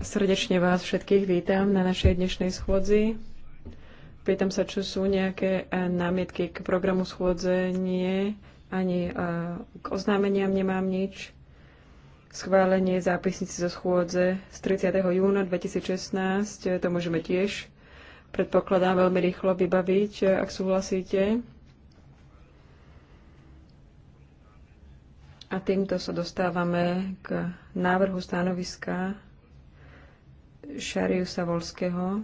Srdečne vás všetkých vítam na našej dnešnej schôdzi. Pýtam sa, čo sú nejaké eh, námietky k programu schôdze. Nie, ani eh, k oznámeniam nemám nič. Schválenie zápisnice zo schôdze z 30. júna 2016, eh, to môžeme tiež, predpokladám, veľmi rýchlo vybaviť, ak súhlasíte. A týmto sa dostávame k návrhu stanoviska Šariu Savolského.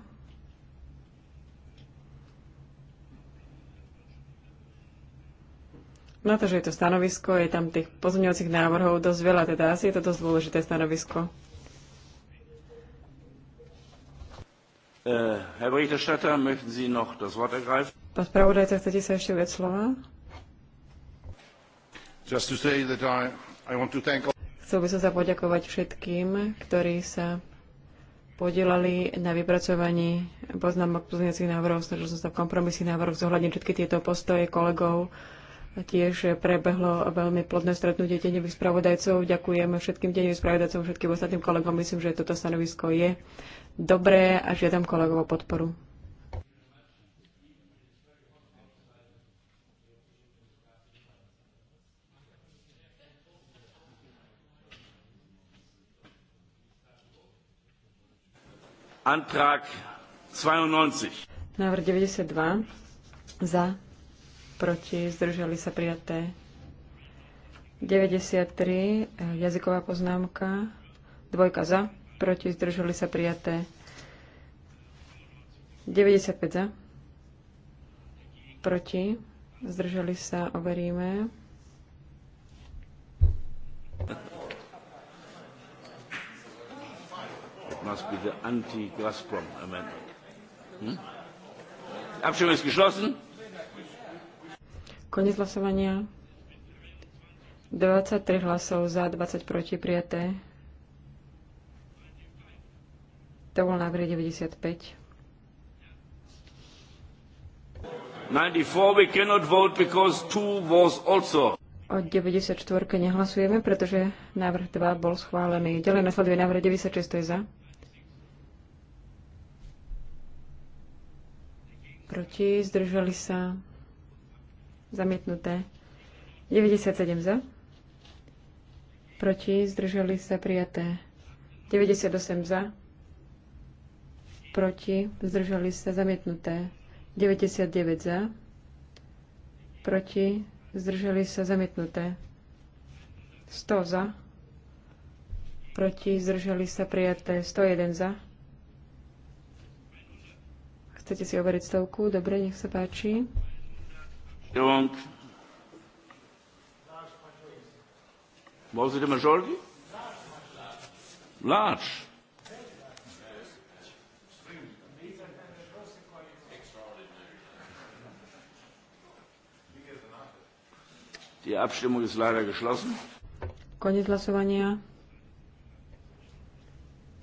Na to, že je to stanovisko, je tam tých pozmeňovacích návrhov dosť veľa, teda asi je to dosť dôležité stanovisko. Uh, Herr Berichterstatter, möchten Sie noch das Wort ergreifen? Pán spravodajca, chcete sa ešte viac slova? Chcel by som sa poďakovať všetkým, ktorí sa podielali na vypracovaní poznámok pozniacich návrhov, snažil som sa v kompromisy návrhov zohľadniť všetky tieto postoje kolegov. Tiež prebehlo veľmi plodné stretnutie tenových spravodajcov. Ďakujem všetkým tenových spravodajcom, všetkým ostatným kolegom. Myslím, že toto stanovisko je dobré a žiadam kolegov o podporu. Antrag 92. Návrh 92. Za. Proti. Zdržali sa prijaté. 93. Jazyková poznámka. Dvojka za. Proti. Zdržali sa prijaté. 95 za. Proti. Zdržali sa. Overíme. must be the anti-Gazprom amendment. Hmm? Abstimmung ist geschlossen. Konec hlasovania. 23 hlasov za, 20 proti, prijaté. To bol návrh 95. 94 we cannot vote because 2 was also. O 94 nehlasujeme, pretože návrh 2 bol schválený. Ďalej nasleduje návrh 96, to je za. proti, zdržali sa, zamietnuté. 97 za, proti, zdržali sa, prijaté. 98 za, proti, zdržali sa, zamietnuté. 99 za, proti, zdržali sa, zamietnuté. 100 za, proti, zdržali sa, prijaté. 101 za, Chcete si overiť stavku? Dobre, nech sa páči. Large. Die Abstimmung ist leider geschlossen. Koniec hlasovania.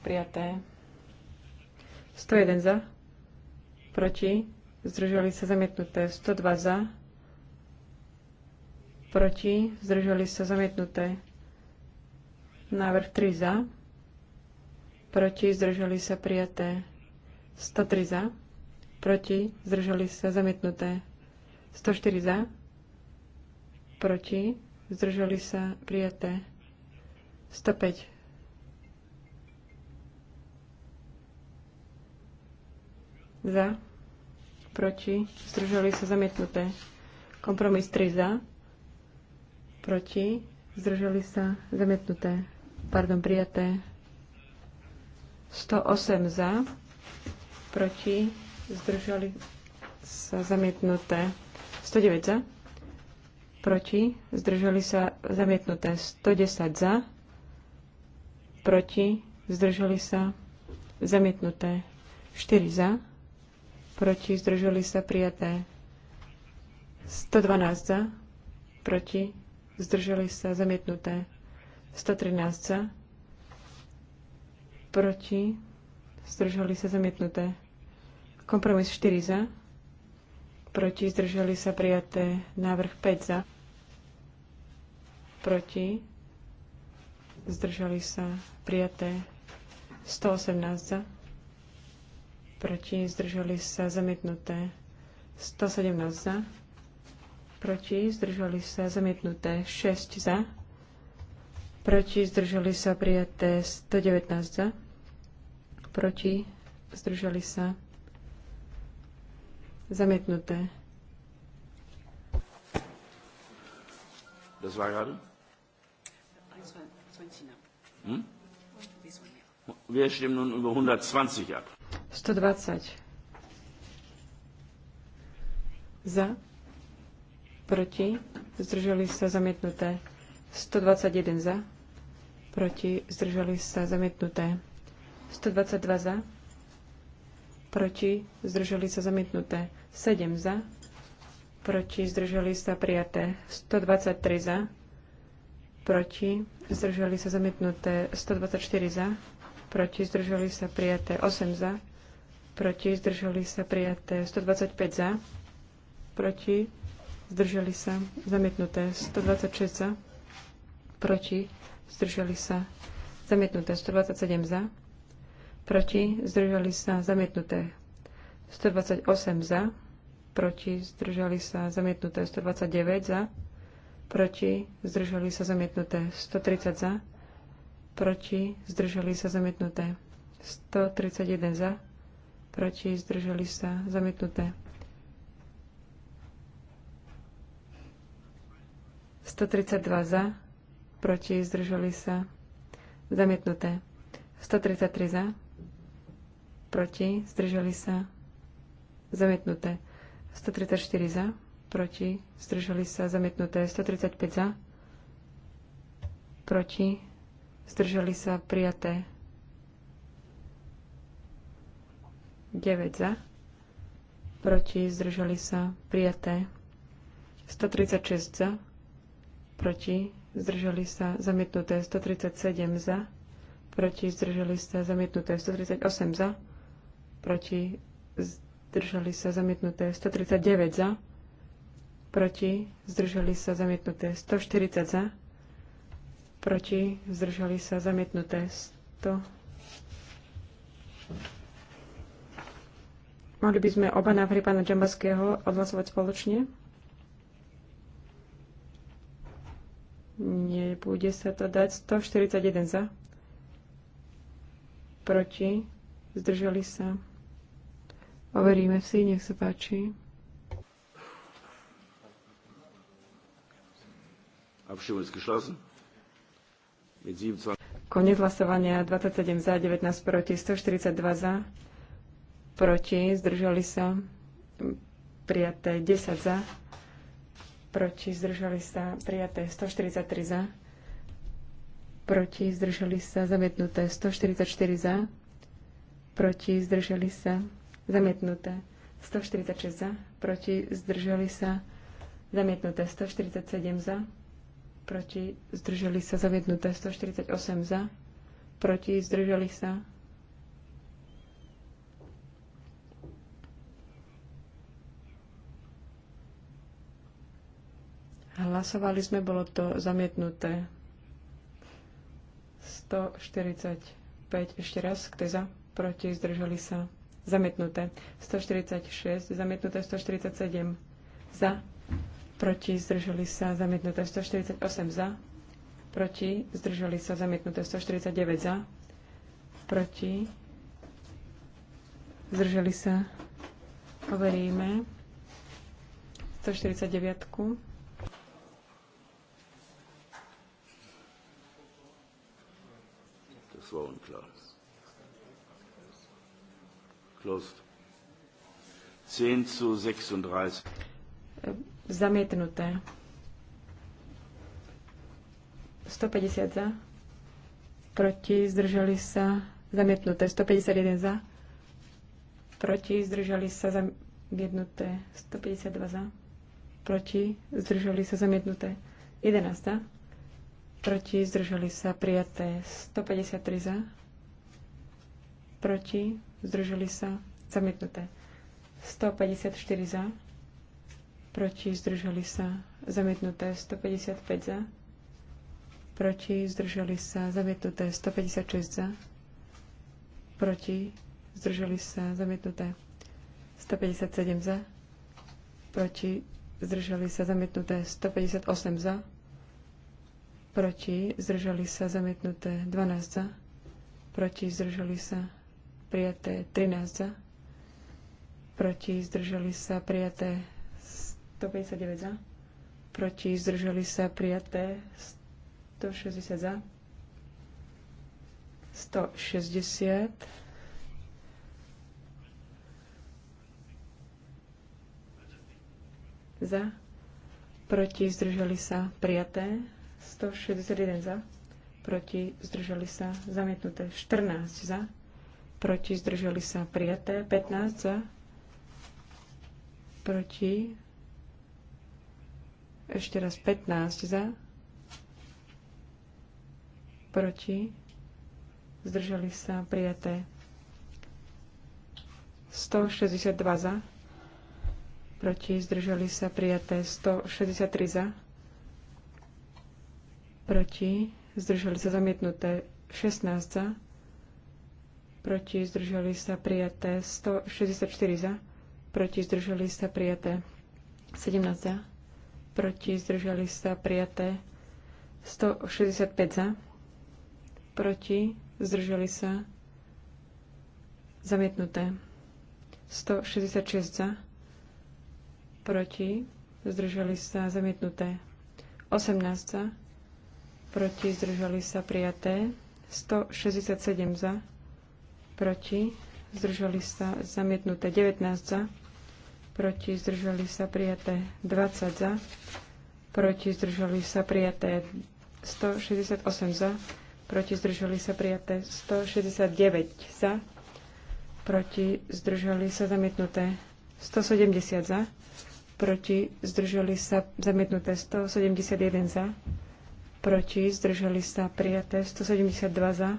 Prijaté. 101 za proti, zdrželi sa zamietnuté 102 za, proti, zdrželi sa zamietnuté návrh 3 za, proti, zdrželi sa prijaté 103 za, proti, zdrželi sa zamietnuté 104 za, proti, zdrželi sa prijaté 105 za. Za. Proti. Zdržali sa zamietnuté. Kompromis 3 za. Proti. Zdržali sa zamietnuté. Pardon, prijaté. 108 za. Proti. Zdržali sa zamietnuté. 109 za. Proti. Zdržali sa zamietnuté. 110 za. Proti. Zdržali sa zamietnuté. 4 za. Proti zdrželi sa prijaté. 112 za. Proti zdrželi sa zamietnuté. 113 za. Proti zdrželi sa zamietnuté. Kompromis 4 za. Proti zdrželi sa prijaté. Návrh 5 za. Proti zdrželi sa prijaté. 118 za. Proti zdrželi se zamítnuté 117 za. Proti zdrželi se zamítnuté 6 za. Proti zdrželi se přijaté 119 za. Proti zdrželi se zamítnuté. Das war gerade? Hm? Wir stimmen nun über 120 ab. 120. Za. Proti. Zdrželi sa zamietnuté. 121 za. Proti. Zdrželi sa zamietnuté. 122 za. Proti. Zdrželi sa zamietnuté. 7 za. Proti. Zdrželi sa prijaté. 123 za. Proti. Zdrželi sa zamietnuté. 124 za. Proti. Zdrželi sa prijaté. 8 za. Proti zdrželi sa prijaté 125 za. Proti zdrželi sa zamietnuté 126 za. Proti zdrželi sa zamietnuté 127 za. Proti zdrželi sa zamietnuté 128 za. Proti zdrželi sa zamietnuté 129 za. Proti zdrželi sa zamietnuté 130 za. Proti zdrželi sa zamietnuté 131 za radšej zdržali sa zametnuté. za, proti zdržali sa zamietnuté. 133 za, proti zdržali sa zamietnuté. 134 za, proti zdržali sa zamietnuté. 135 za, proti zdržali sa prijaté. 9 za, proti zdržali sa prijaté. 136 za, proti zdržali sa zamietnuté. 137 za, proti zdržali sa zamietnuté. 138 za, proti zdržali sa zamietnuté. 139 za, proti zdržali sa zamietnuté. 140 za, proti zdržali sa zamietnuté. 100. Thank you. Mohli by sme oba návrhy pána Džambaského odhlasovať spoločne? Nebude sa to dať. 141 za. Proti. Zdržali sa. Overíme si, nech sa páči. Konec hlasovania 27 za, 19 proti, 142 za proti, zdržali sa prijaté 10 za, proti zdržali sa prijaté 143 za, proti zdržali sa zamietnuté 144 za, proti zdržali sa zamietnuté 146 za, proti zdržali sa zamietnuté 147 za, proti zdržali sa zamietnuté 148 za, proti zdržali sa Hlasovali sme, bolo to zamietnuté. 145, ešte raz, kto za, proti, zdržali sa. Zamietnuté. 146, zamietnuté 147, za, proti, zdržali sa. Zamietnuté 148, za, proti, zdržali sa. Zamietnuté 149, za, proti, zdržali sa. Overíme. 149. rekla. Zamietnuté. 150 za. Proti, zdrželi sa. Zamietnuté. 151 za. Proti, zdrželi sa. Zamietnuté. 152 za. Proti, zdrželi sa. Zamietnuté. 11 za. Proti, zdrželi sa. Prijaté. 153 za proti, zdrželi sa, zamietnuté. 154 za, proti, zdrželi sa, zamietnuté. 155 za, proti, zdrželi sa, zamietnuté. 156 za, proti, zdrželi sa, zamietnuté. 157 za, proti, zdrželi sa, zamietnuté. 158 za, proti, zdrželi sa, zamietnuté. 12 za, proti, zdrželi sa, zamietnuté prijaté 13 za, proti zdržali sa prijaté 159 za, proti zdržali sa prijaté 160 za, 160, za, proti zdržali sa prijaté 161 za, proti zdržali sa zamietnuté 14 za. Proti zdrželi sa prijaté. 15 za. Proti. Ešte raz 15 za. Proti. Zdrželi sa prijaté. 162 za. Proti. Zdrželi sa prijaté. 163 za. Proti. Zdrželi sa zamietnuté. 16 za proti zdržali sa prijaté 164 za, proti zdržali sa prijaté 17 za, proti zdržali sa prijaté 165 za, proti zdržali sa zamietnuté 166 za, proti zdržali sa zamietnuté 18 za, proti zdržali sa prijaté 167 za, proti, zdržali sa zamietnuté 19 za, proti zdržali sa prijaté 20 za, proti zdržali sa prijaté 168 za, proti zdržali sa prijaté 169 za, proti zdržali sa zamietnuté 170 za, proti zdržali sa zamietnuté 171 za, proti zdržali sa prijaté 172 za,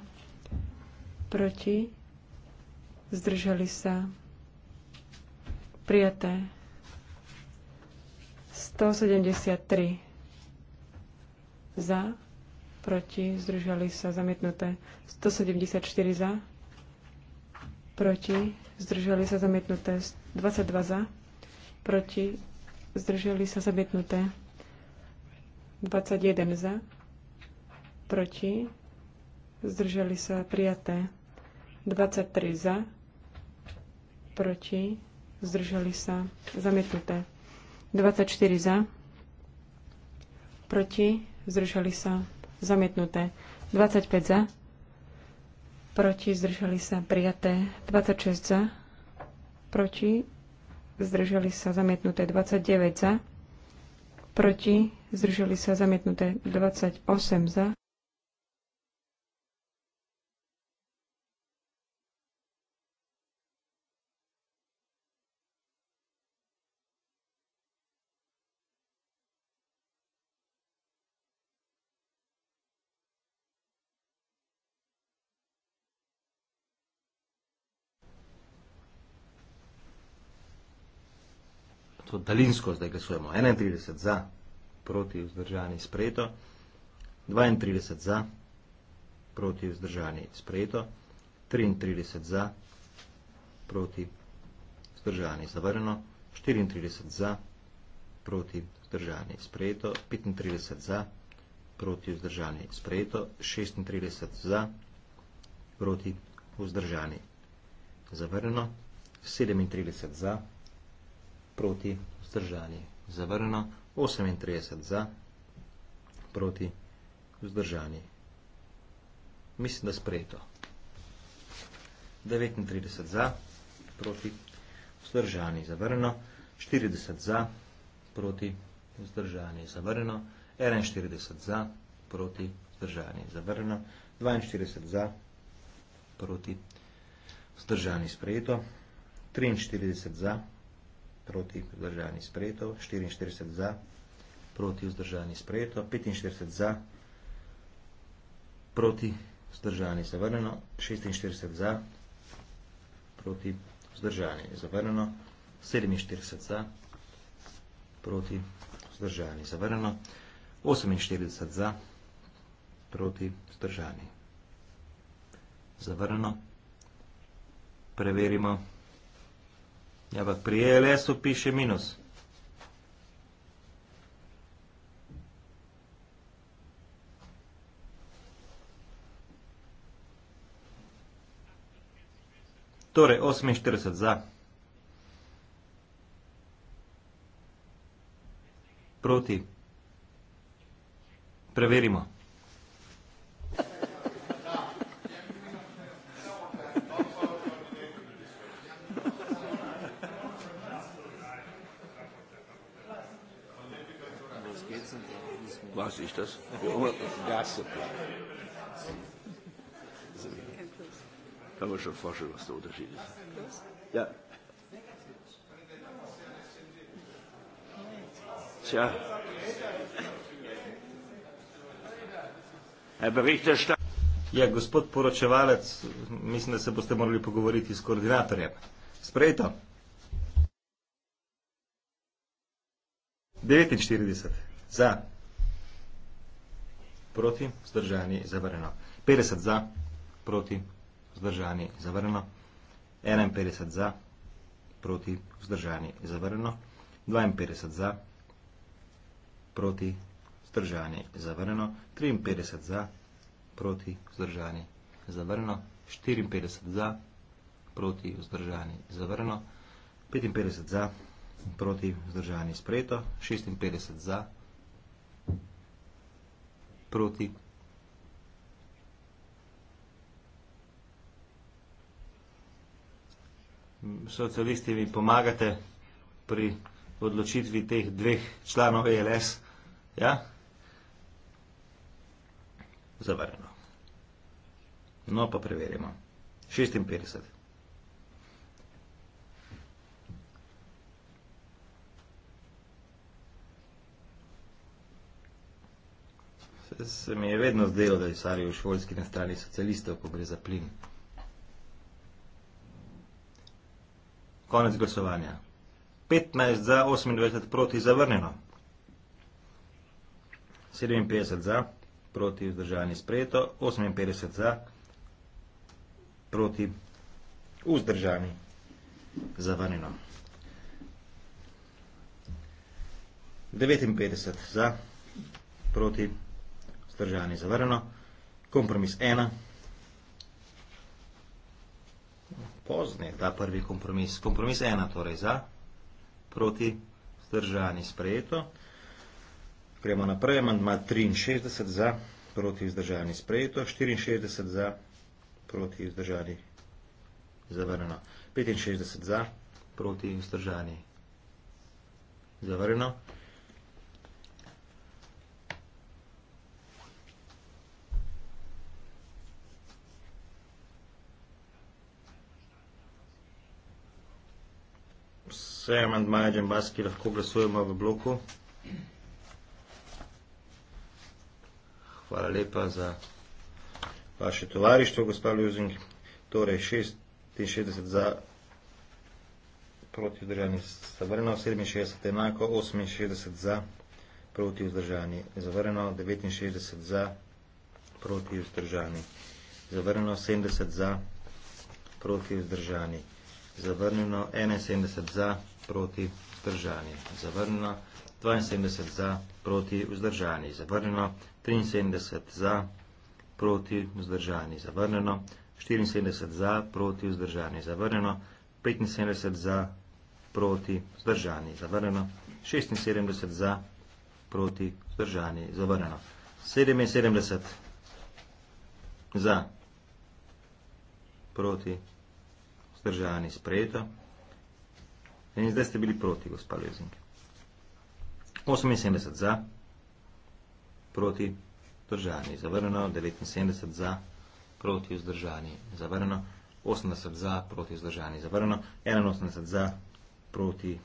proti zdrželi sa. Prijaté. 173. Za. Proti. Zdržali sa. Zamietnuté. 174 za. Proti. Zdržali sa. Zamietnuté. 22 za. Proti. Zdržali sa. Zamietnuté. 21 za. Proti. Zdržali sa. Prijaté. 23 za. Proti. Zdrželi se. Zamětnuté. 24 za. Proti. Zdrželi se. Zamětnuté. 25 za. Proti. Zdrželi se. Prijaté. 26 za. Proti. Zdrželi se. Zamětnuté. 29 za. Proti. Zdrželi se. Zamětnuté. 28 za. to daljinsko zdaj glasujemo. 31 za, proti vzdržani sprejeto. 32 za, proti vzdržani sprejeto. 33 za, proti vzdržani zavrjeno. 34 za, proti vzdržani sprejeto. 35 za, proti vzdržani sprejeto. 36 za, proti vzdržani zavrjeno. 37 za, proti vzdržani sprejeto. 37 za, proti vzdržani sprejeto. 37 za, proti vzdržani sprejeto. 37 za, proti vzdržani sprejeto proti, vzdržani, zavrnjeno, 38 za, proti, vzdržani. Mislim, da sprejeto. 39 za, proti, vzdržani, zavrnjeno, 40 za, proti, vzdržani, zavrnjeno, 41 za, proti, vzdržani, zavrnjeno, 42 za, proti, vzdržani, sprejeto, 43 za, proti, vzdržani, zavrnjeno, proti vzdržani sprejeto, 44 za, proti vzdržani sprejeto, 45 za, proti vzdržani zavrneno, 46 za, proti vzdržani zavrneno, 47 za, proti vzdržani zavrneno, 48 za, proti vzdržani zavrneno. Preverimo. Ja, ampak pri ELS-u piše minus. Torej, 48 za. Proti. Preverimo. weiß ich das? Gas Kann man schon vorstellen, was der Unterschied ist. Ja. Tja. Herr Berichterstatter. Ja, gospod poročevalec, mislim, da se boste morali pogovoriti s koordinatorjem. Sprejeto. 49. Za. Proti, vzdržani, zavrljeno. 50 za, proti, vzdržani, zavrljeno. 51 za, proti, vzdržani, zavrljeno. 52 za, proti, vzdržani, zavrljeno. 53 za, proti, vzdržani, zavrljeno. 54 za, proti, vzdržani, zavrljeno. 55 za, proti, vzdržani, sprejeto. 56 za, proti, vzdržani, sprejeto proti. Socialisti mi pomagate pri odločitvi teh dveh članov ELS. Ja? Zavrneno. No, pa preverimo. 56. se mi je vedno zdelo, da je Sarajevo šolski na strani socialistov, ko gre za plin. Konec glasovanja. 15 za, 28 proti, zavrnjeno. 57 za, proti, vzdržani sprejeto, 58 za, proti, vzdržani, zavrnjeno. 59 za, proti, vzdržani. Vzdržanje zavrnjeno. Kompromis ena. Pozni ta prvi kompromis. Kompromis ena torej za, proti, vzdržanje sprejeto. Gremo naprej, mandma 63 za, proti vzdržanje sprejeto, 64 za, proti vzdržanje zavrnjeno, 65 za, proti vzdržanje zavrnjeno. vse amandmaje Džambaski lahko glasujemo v bloku. Hvala lepa za vaše tovarištvo, gospa Ljuzing. Torej, 66 za proti vzdržani zavrnjeno, 67 enako, 68 za proti vzdržani zavrnjeno, 69 za proti vzdržani zavrnjeno, 70 za proti vzdržani zavrnjeno, 71 za proti vzdržani zavrnjeno, proti, vzdržani, zavrnjeno, 72 za, proti, vzdržani, zavrnjeno, 73 za, proti, vzdržani, zavrnjeno, 74 za, proti, vzdržani, zavrnjeno, 75 za, proti, vzdržani, zavrnjeno, 76 za, proti, vzdržani, zavrnjeno, 77 za, proti, vzdržani, sprejeto, 71 ste bili proti, gospa Lezing. 78 za, proti, držani, zavrneno. 79 za, proti, vzdržani, zavrneno. 80 za, proti, vzdržani, zavrneno. 81 za, proti,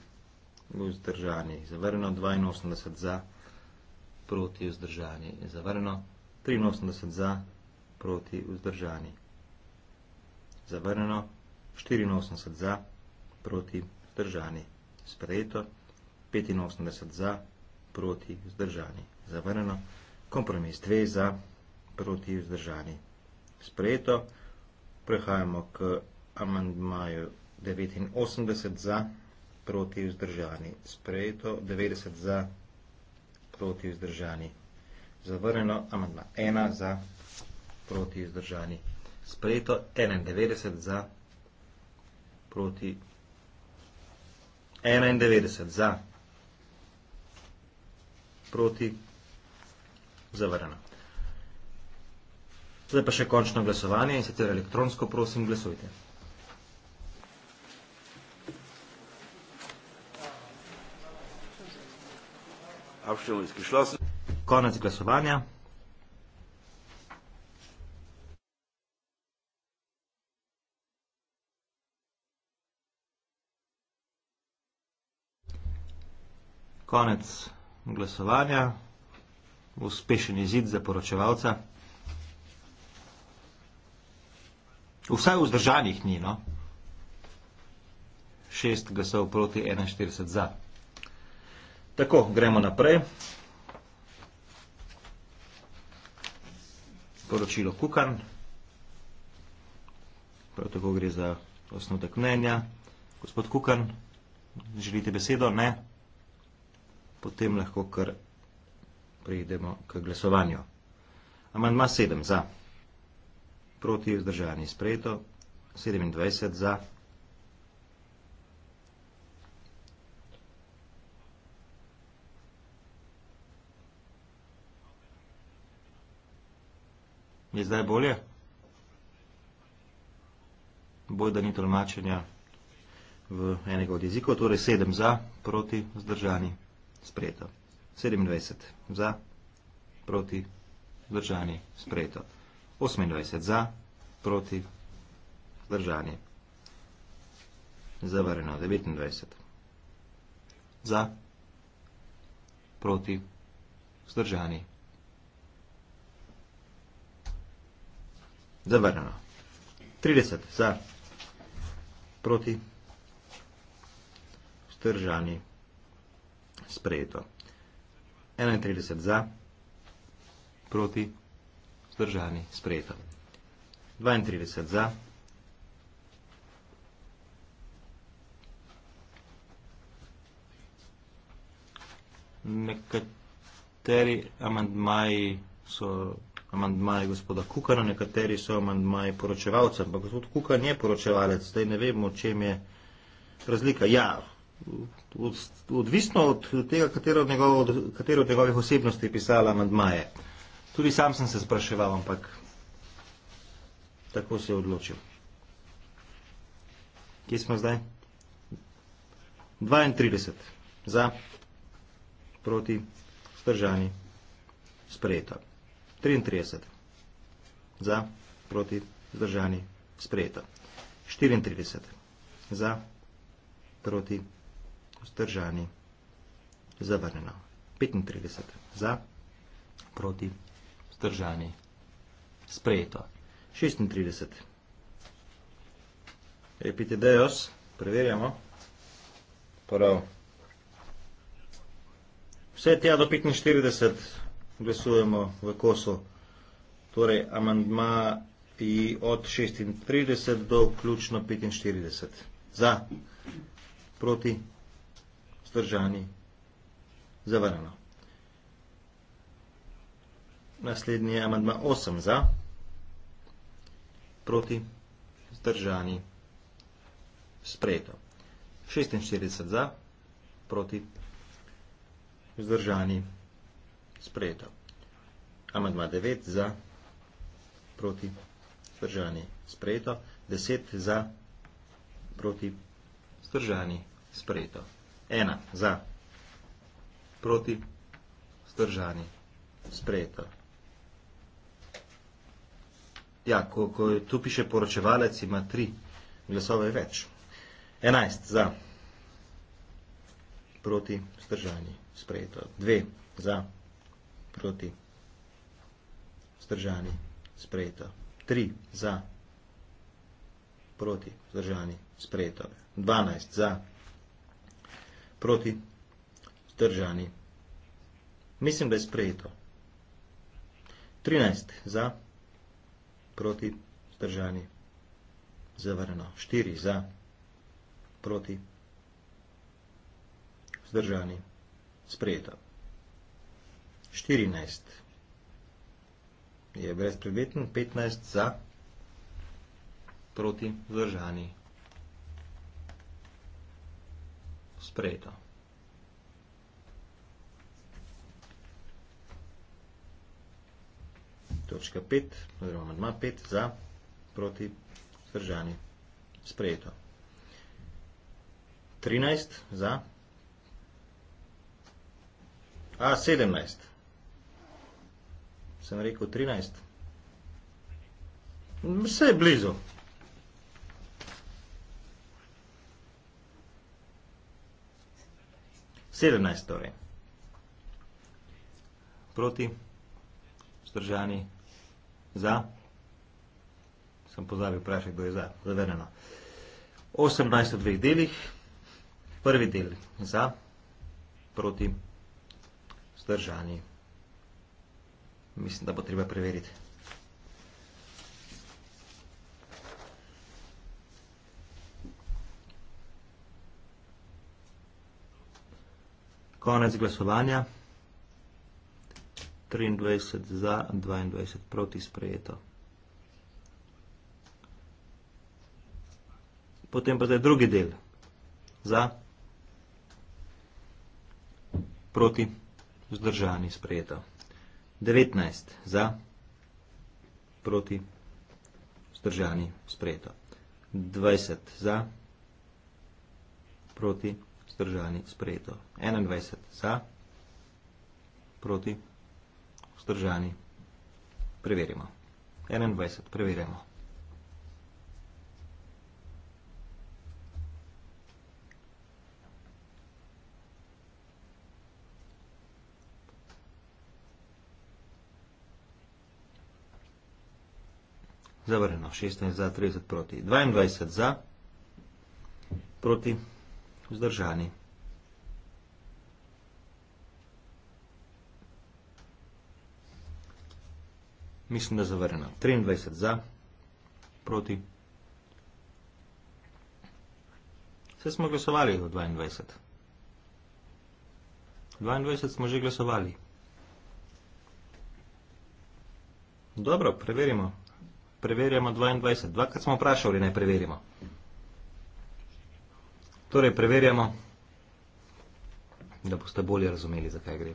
vzdržani, zavrneno. 82 za, proti, vzdržani, zavrneno. 83 za, proti, vzdržani, zavrneno. 84 za, proti, vzdržani, zavrneno vzdržani. Sprejeto, 85 za, proti vzdržani. Zavrneno, kompromis 2 za, proti vzdržani. Sprejeto, prehajamo k amandmaju 89 za, proti vzdržani. Sprejeto, 90 za, proti vzdržani. Zavrneno, amandma 1 za, proti vzdržani. Sprejeto, 91 za, proti vzdržani. 91 za, proti, zavrano. Zdaj pa še končno glasovanje in sicer elektronsko, prosim, glasujte. Konec glasovanja. konec glasovanja. Uspešen izid za poročevalca. Vsaj vzdržanih ni, no. Šest glasov proti 41 za. Tako, gremo naprej. Poročilo Kukan. Prav tako gre za osnotek mnenja. Gospod Kukan, želite besedo? Ne. Ne potem lahko kar prejdemo k glasovanju. Amandma 7 za, proti vzdržani sprejeto, 27 za. Je zdaj bolje? Boj, da ni tolmačenja v enega od jezikov, torej 7 za, proti vzdržani sprejeto sprejeto. 27 za, proti, držani, sprejeto. 28 za, proti, držani, zavrjeno. 29 za, proti, zdržani, zavrjeno. 30 za, proti, zdržani, zavrjeno sprejeto. 31 za, proti, vzdržani, sprejeto. 32 za, nekateri amandmaji so amandmaji gospoda Kukana, nekateri so amandmaji poročevalca, ampak gospod Kukan je poročevalec, zdaj ne vemo, čem je razlika. Ja, odvisno od tega, katero od, njegov, od, katero od njegovih osebnosti je pisala nad Maje. Tudi sam sem se spraševal, ampak tako se je odločil. Kje smo zdaj? 32 za, proti, stržani, sprejeto. 33 za, proti, stržani, sprejeto. 34 za, proti, stržani, sprejeto vzdržani, zavrnjeno. 35 za, proti, vzdržani, sprejeto. 36. Epitedeos, preverjamo. Prav. Vse tja do 45 glasujemo v kosu. Torej, amandma je od 36 do vključno 45. Za, proti, vzdržani zdržani, zavrnjeno. Naslednji je amandma 8 za, proti, zdržani, sprejeto. 46 za, proti, zdržani, sprejeto. Amandma 9 za, proti, zdržani, sprejeto. 10 za, proti, zdržani, sprejeto. Ena za, proti, zdržani, sprejeto. Ja, ko, ko tu piše poročevalec, ima tri glasove več. Enajst za, proti, zdržani, sprejeto. Dve za, proti, zdržani, sprejeto. Tri za, proti, zdržani, sprejeto. Dvanajst za, proti, zdržani, sprejeto proti zdržani. Mislim, da je sprejeto. 13 za, proti zdržani, zavrano. 4 za, proti zdržani, sprejeto. 14 je brezprebeten, 15 za, proti zdržani, sprejeto. Točka 5, oziroma amandma 5 za proti zdržani sprejeto. 13 za. A, 17. Sem rekel 13. Vse je blizu. 17 torej. Proti, vzdržani, za. Sem pozabil vprašati, kdo je za. Zavedeno. 18 v dveh delih. Prvi del za, proti, vzdržani. Mislim, da bo treba preveriti. Konec glasovanja. 23 za, 22 proti sprejeto. Potem pa zdaj drugi del. Za, proti, vzdržani, sprejeto. 19 za, proti, vzdržani, sprejeto. 20 za, proti, vzdržani vzdržani, sprejeto. 21 za, proti, vzdržani, preverimo. 21, preverimo. Zavrjeno, 16 za, 30 proti, 22 za, proti, 22 za, vzdržani. Mislim, da zavrnem. 23 za, proti. Vse smo glasovali v 22. 22 smo že glasovali. Dobro, preverimo. Preverjamo 22. Dvakrat smo vprašali, ne preverimo. Preverimo. Torej, preverjamo, da boste bolje razumeli, zakaj gre.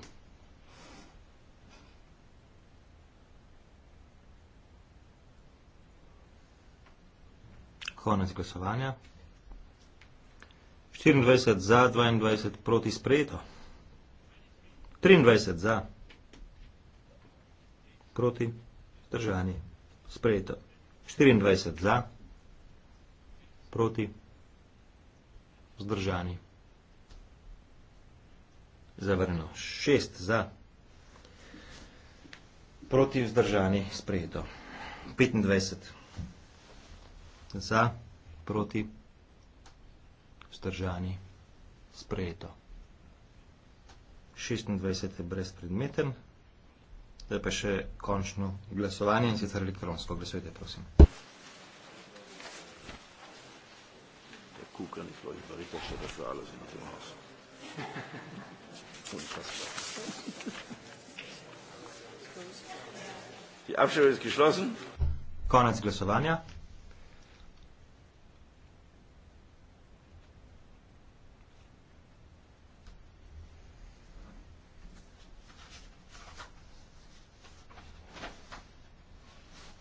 Konec glasovanja. 24 za, 22 proti sprejeto. 23 za, proti držani sprejeto. 24 za, proti sprejeto vzdržani. Zavrnjeno. Šest za. Proti vzdržani. Sprejeto. 25. Za. Proti. Vzdržani. Sprejeto. 26 je brez predmeten. Zdaj pa še končno glasovanje in sicer elektronsko. Glasujte, prosim. Kuhkern, ich glaube, ich war Berichterstatter für alles in diesem Haus. Unfassbar. Die Abstimmung ist geschlossen. Konrad Glasowania.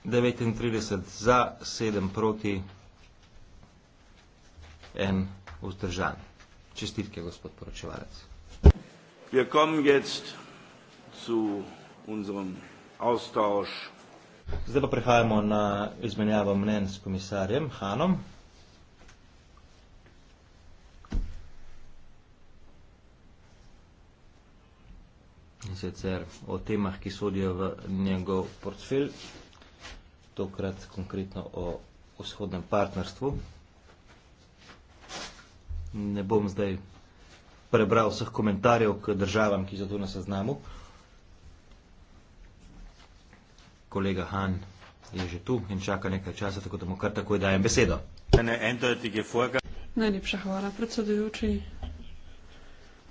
devetintrideset za sedem proti en vzdržan. Čestitke, gospod poročevalec. Wir kommen jetzt zu unserem Austausch. Zdaj pa prehajamo na izmenjavo mnen s komisarjem Hanom. In sicer o temah, ki sodijo v njegov portfelj, tokrat konkretno o vzhodnem partnerstvu ne bom zdaj prebral vseh komentarjev k državam, ki so tu na seznamu. Kolega Han je že tu in čaka nekaj časa, tako da mu kar takoj dajem besedo. Najlepša hvala, predsedujoči.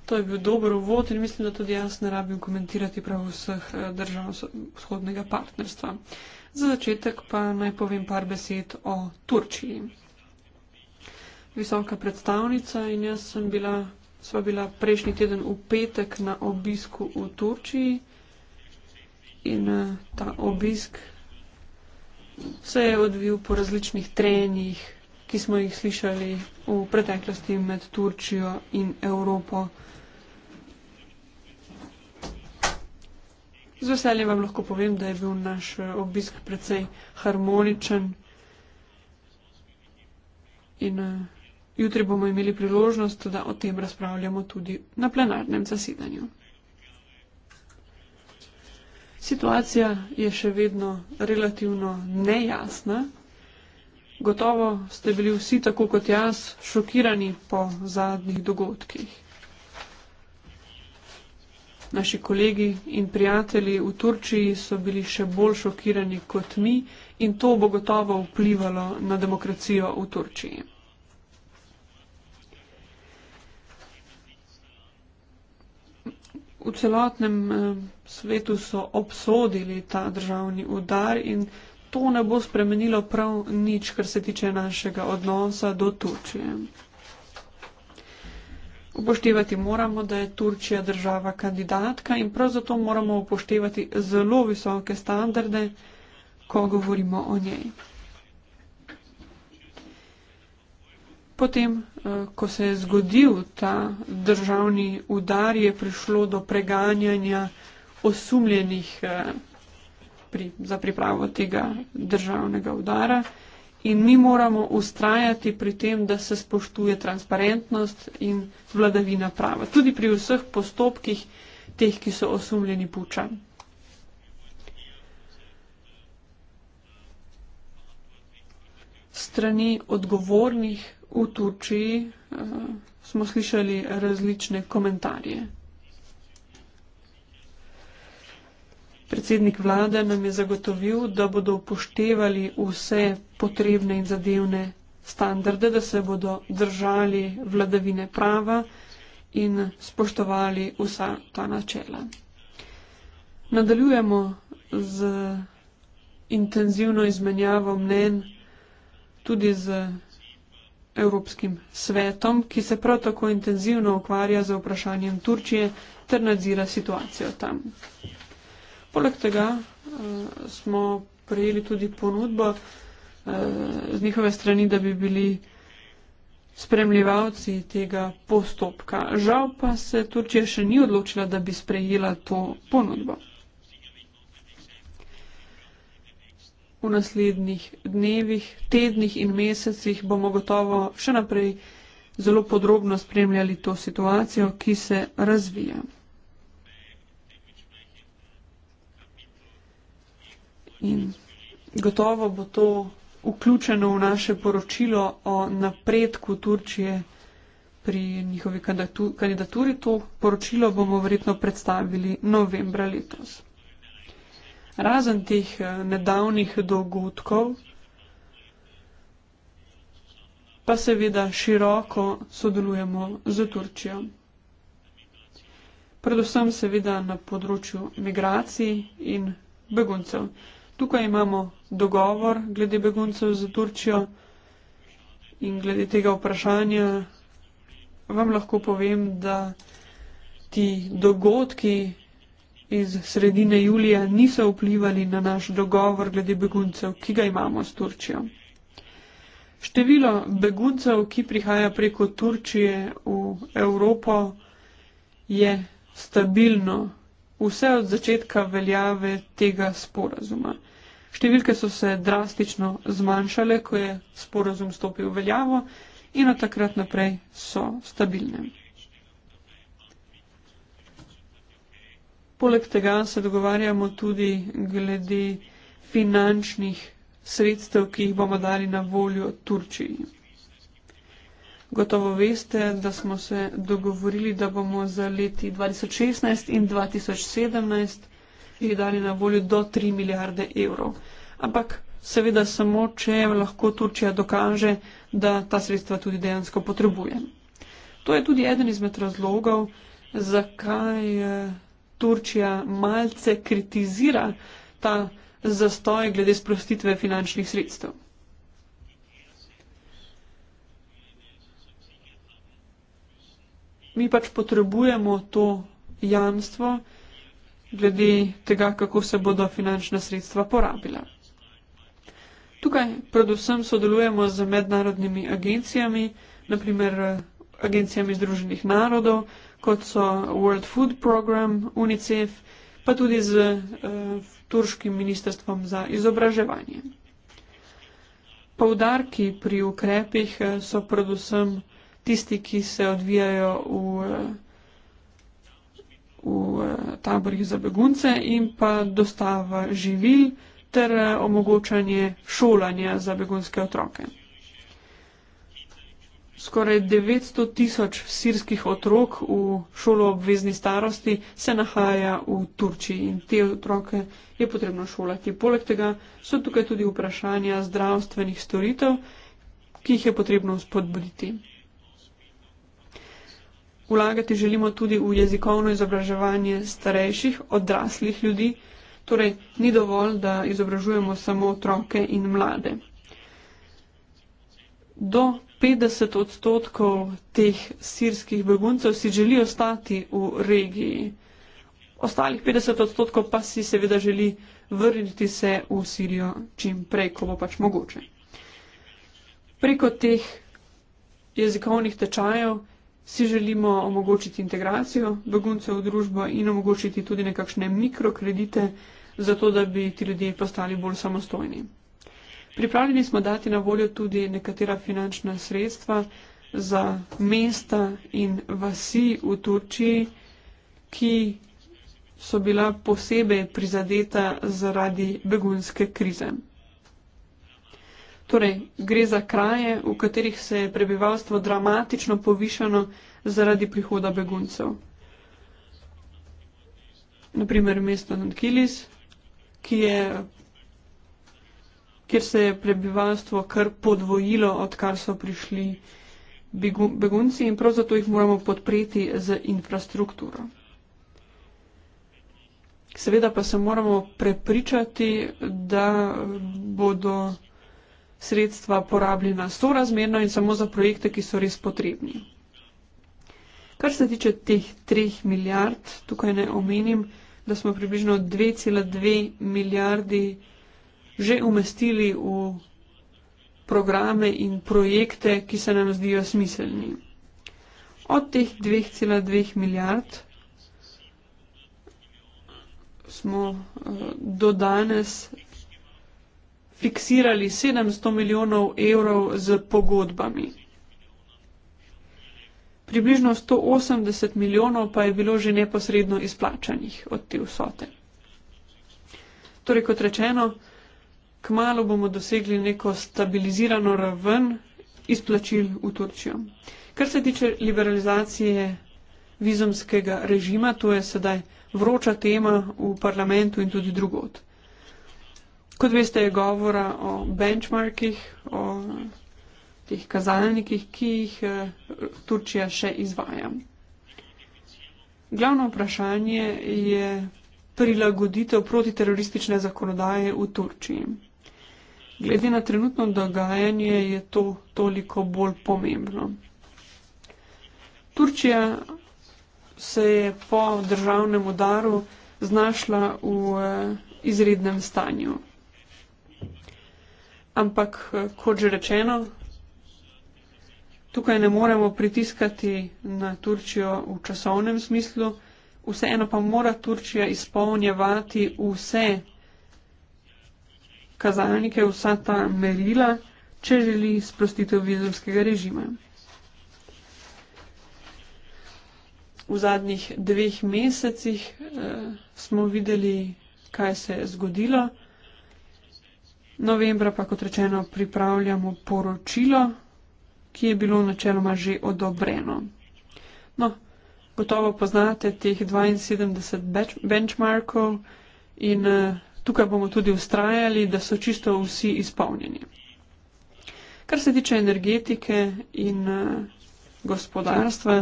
To je bil dober uvod in mislim, da tudi jaz ne rabim komentirati prav vseh eh, držav vzhodnega partnerstva. Za začetek pa naj povem par besed o Turčiji visoka predstavnica in jaz sem bila, sva bila prejšnji teden v petek na obisku v Turčiji in uh, ta obisk se je odvil po različnih trenjih, ki smo jih slišali v preteklosti med Turčijo in Evropo. Z veseljem vam lahko povem, da je bil naš eh, obisk precej harmoničen in uh, Jutri bomo imeli priložnost, da o tem razpravljamo tudi na plenarnem zasedanju. Situacija je še vedno relativno nejasna. Gotovo ste bili vsi, tako kot jaz, šokirani po zadnjih dogodkih. Naši kolegi in prijatelji v Turčiji so bili še bolj šokirani kot mi in to bo gotovo vplivalo na demokracijo v Turčiji. v celotnem eh, svetu so obsodili ta državni udar in to ne bo spremenilo prav nič, kar se tiče našega odnosa do Turčije. Upoštevati moramo, da je Turčija država kandidatka in prav zato moramo upoštevati zelo visoke standarde, ko govorimo o njej. potem, eh, ko se je zgodil ta državni udar, je prišlo do preganjanja osumljenih eh, pri, za pripravo tega državnega udara. In mi moramo ustrajati pri tem, da se spoštuje transparentnost in vladavina prava. Tudi pri vseh postopkih teh, ki so osumljeni puča. Strani odgovornih v Turčiji uh, smo slišali različne komentarje. Predsednik vlade nam je zagotovil, da bodo upoštevali vse potrebne in zadevne standarde, da se bodo držali vladavine prava in spoštovali vsa ta načela. Nadaljujemo z intenzivno izmenjavo mnen tudi z Evropskim svetom, ki se prav tako intenzivno ukvarja z vprašanjem Turčije ter nadzira situacijo tam. Poleg tega uh, smo prejeli tudi ponudbo uh, z njihove strani, da bi bili spremljevalci tega postopka. Žal pa se Turčija še ni odločila, da bi sprejela to ponudbo. v naslednjih dnevih, tednih in mesecih bomo gotovo še naprej zelo podrobno spremljali to situacijo, ki se razvija. In gotovo bo to vključeno v naše poročilo o napredku Turčije pri njihovi kandidaturi. To poročilo bomo verjetno predstavili novembra letos razen tih eh, nedavnih dogodkov, pa seveda široko sodelujemo z Turčijo. Predvsem seveda na področju migracij in beguncev. Tukaj imamo dogovor glede beguncev z Turčijo in glede tega vprašanja vam lahko povem, da ti dogodki iz sredine julija niso vplivali na naš dogovor glede beguncev, ki ga imamo s Turčijo. Število beguncev, ki prihaja preko Turčije v Evropo, je stabilno vse od začetka veljave tega sporazuma. Številke so se drastično zmanjšale, ko je sporazum stopil v veljavo in od takrat naprej so stabilne. Poleg tega se dogovarjamo tudi glede finančnih sredstev, ki jih bomo dali na voljo Turčiji. Gotovo veste, da smo se dogovorili, da bomo za leti 2016 in 2017 jih dali na voljo do 3 milijarde evrov. Ampak seveda samo, če lahko Turčija dokaže, da ta sredstva tudi dejansko potrebuje. To je tudi eden izmed razlogov, zakaj eh, Turčija malce kritizira ta zastoj glede sprostitve finančnih sredstev. Mi pač potrebujemo to jamstvo glede tega, kako se bodo finančna sredstva porabila. Tukaj predvsem sodelujemo z mednarodnimi agencijami, naprimer eh, agencijami Združenih narodov, kot so World Food Program, UNICEF, pa tudi z eh, Turškim ministrstvom za izobraževanje. Povdarki pri ukrepih eh, so predvsem tisti, ki se odvijajo v, eh, v eh, taborih za begunce in pa dostava živil ter omogočanje šolanja za begunske otroke. Skoraj 900 tisoč sirskih otrok v šolo obvezni starosti se nahaja v Turčiji in te otroke je potrebno šolati. Poleg tega so tukaj tudi vprašanja zdravstvenih storitev, ki jih je potrebno spodbuditi. Ulagati želimo tudi v jezikovno izobraževanje starejših, odraslih ljudi, torej ni dovolj, da izobražujemo samo otroke in mlade. Do 50 odstotkov teh sirskih beguncev si želi ostati v regiji. Ostalih 50 odstotkov pa si seveda želi vrniti se v Sirijo čim prej, ko bo pač mogoče. Preko teh jezikovnih tečajev si želimo omogočiti integracijo beguncev v družbo in omogočiti tudi nekakšne mikrokredite, zato da bi ti ljudje postali bolj samostojni. Pripravljeni smo dati na voljo tudi nekatera finančna sredstva za mesta in vasi v Turčiji, ki so bila posebej prizadeta zaradi begunske krize. Torej, gre za kraje, v katerih se je prebivalstvo dramatično povišano zaradi prihoda beguncev. Naprimer, mesto Nankilis, ki je kjer se je prebivalstvo kar podvojilo, odkar so prišli begunci in prav zato jih moramo podpreti z infrastrukturo. Seveda pa se moramo prepričati, da bodo sredstva porabljena sorazmerno in samo za projekte, ki so res potrebni. Kar se tiče teh 3 milijard, tukaj ne omenim, da smo približno 2,2 milijardi že umestili v programe in projekte, ki se nam zdijo smiselni. Od teh 2,2 milijard smo eh, do danes fiksirali 700 milijonov evrov z pogodbami. Približno 180 milijonov pa je bilo že neposredno izplačanih od te vsote. Torej, kot rečeno, kmalo bomo dosegli neko stabilizirano raven izplačil v Turčijo. Kar se tiče liberalizacije vizumskega režima, to je sedaj vroča tema v parlamentu in tudi drugod. Kot veste, je govora o benchmarkih, o teh kazalnikih, ki jih eh, Turčija še izvaja. Glavno vprašanje je prilagoditev protiteroristične zakonodaje v Turčiji glede na trenutno dogajanje je to toliko bolj pomembno. Turčija se je po državnem udaru znašla v eh, izrednem stanju. Ampak, eh, kot že rečeno, tukaj ne moremo pritiskati na Turčijo v časovnem smislu, vseeno pa mora Turčija izpolnjevati vse kazalnike, vsa ta merila, če želi sprostitev vizorskega režima. V zadnjih dveh mesecih eh, smo videli, kaj se je zgodilo. Novembra pa, kot rečeno, pripravljamo poročilo, ki je bilo načeloma že odobreno. No, gotovo poznate teh 72 benchmarkov in eh, Tukaj bomo tudi ustrajali, da so čisto vsi izpolnjeni. Kar se tiče energetike in eh, gospodarstva,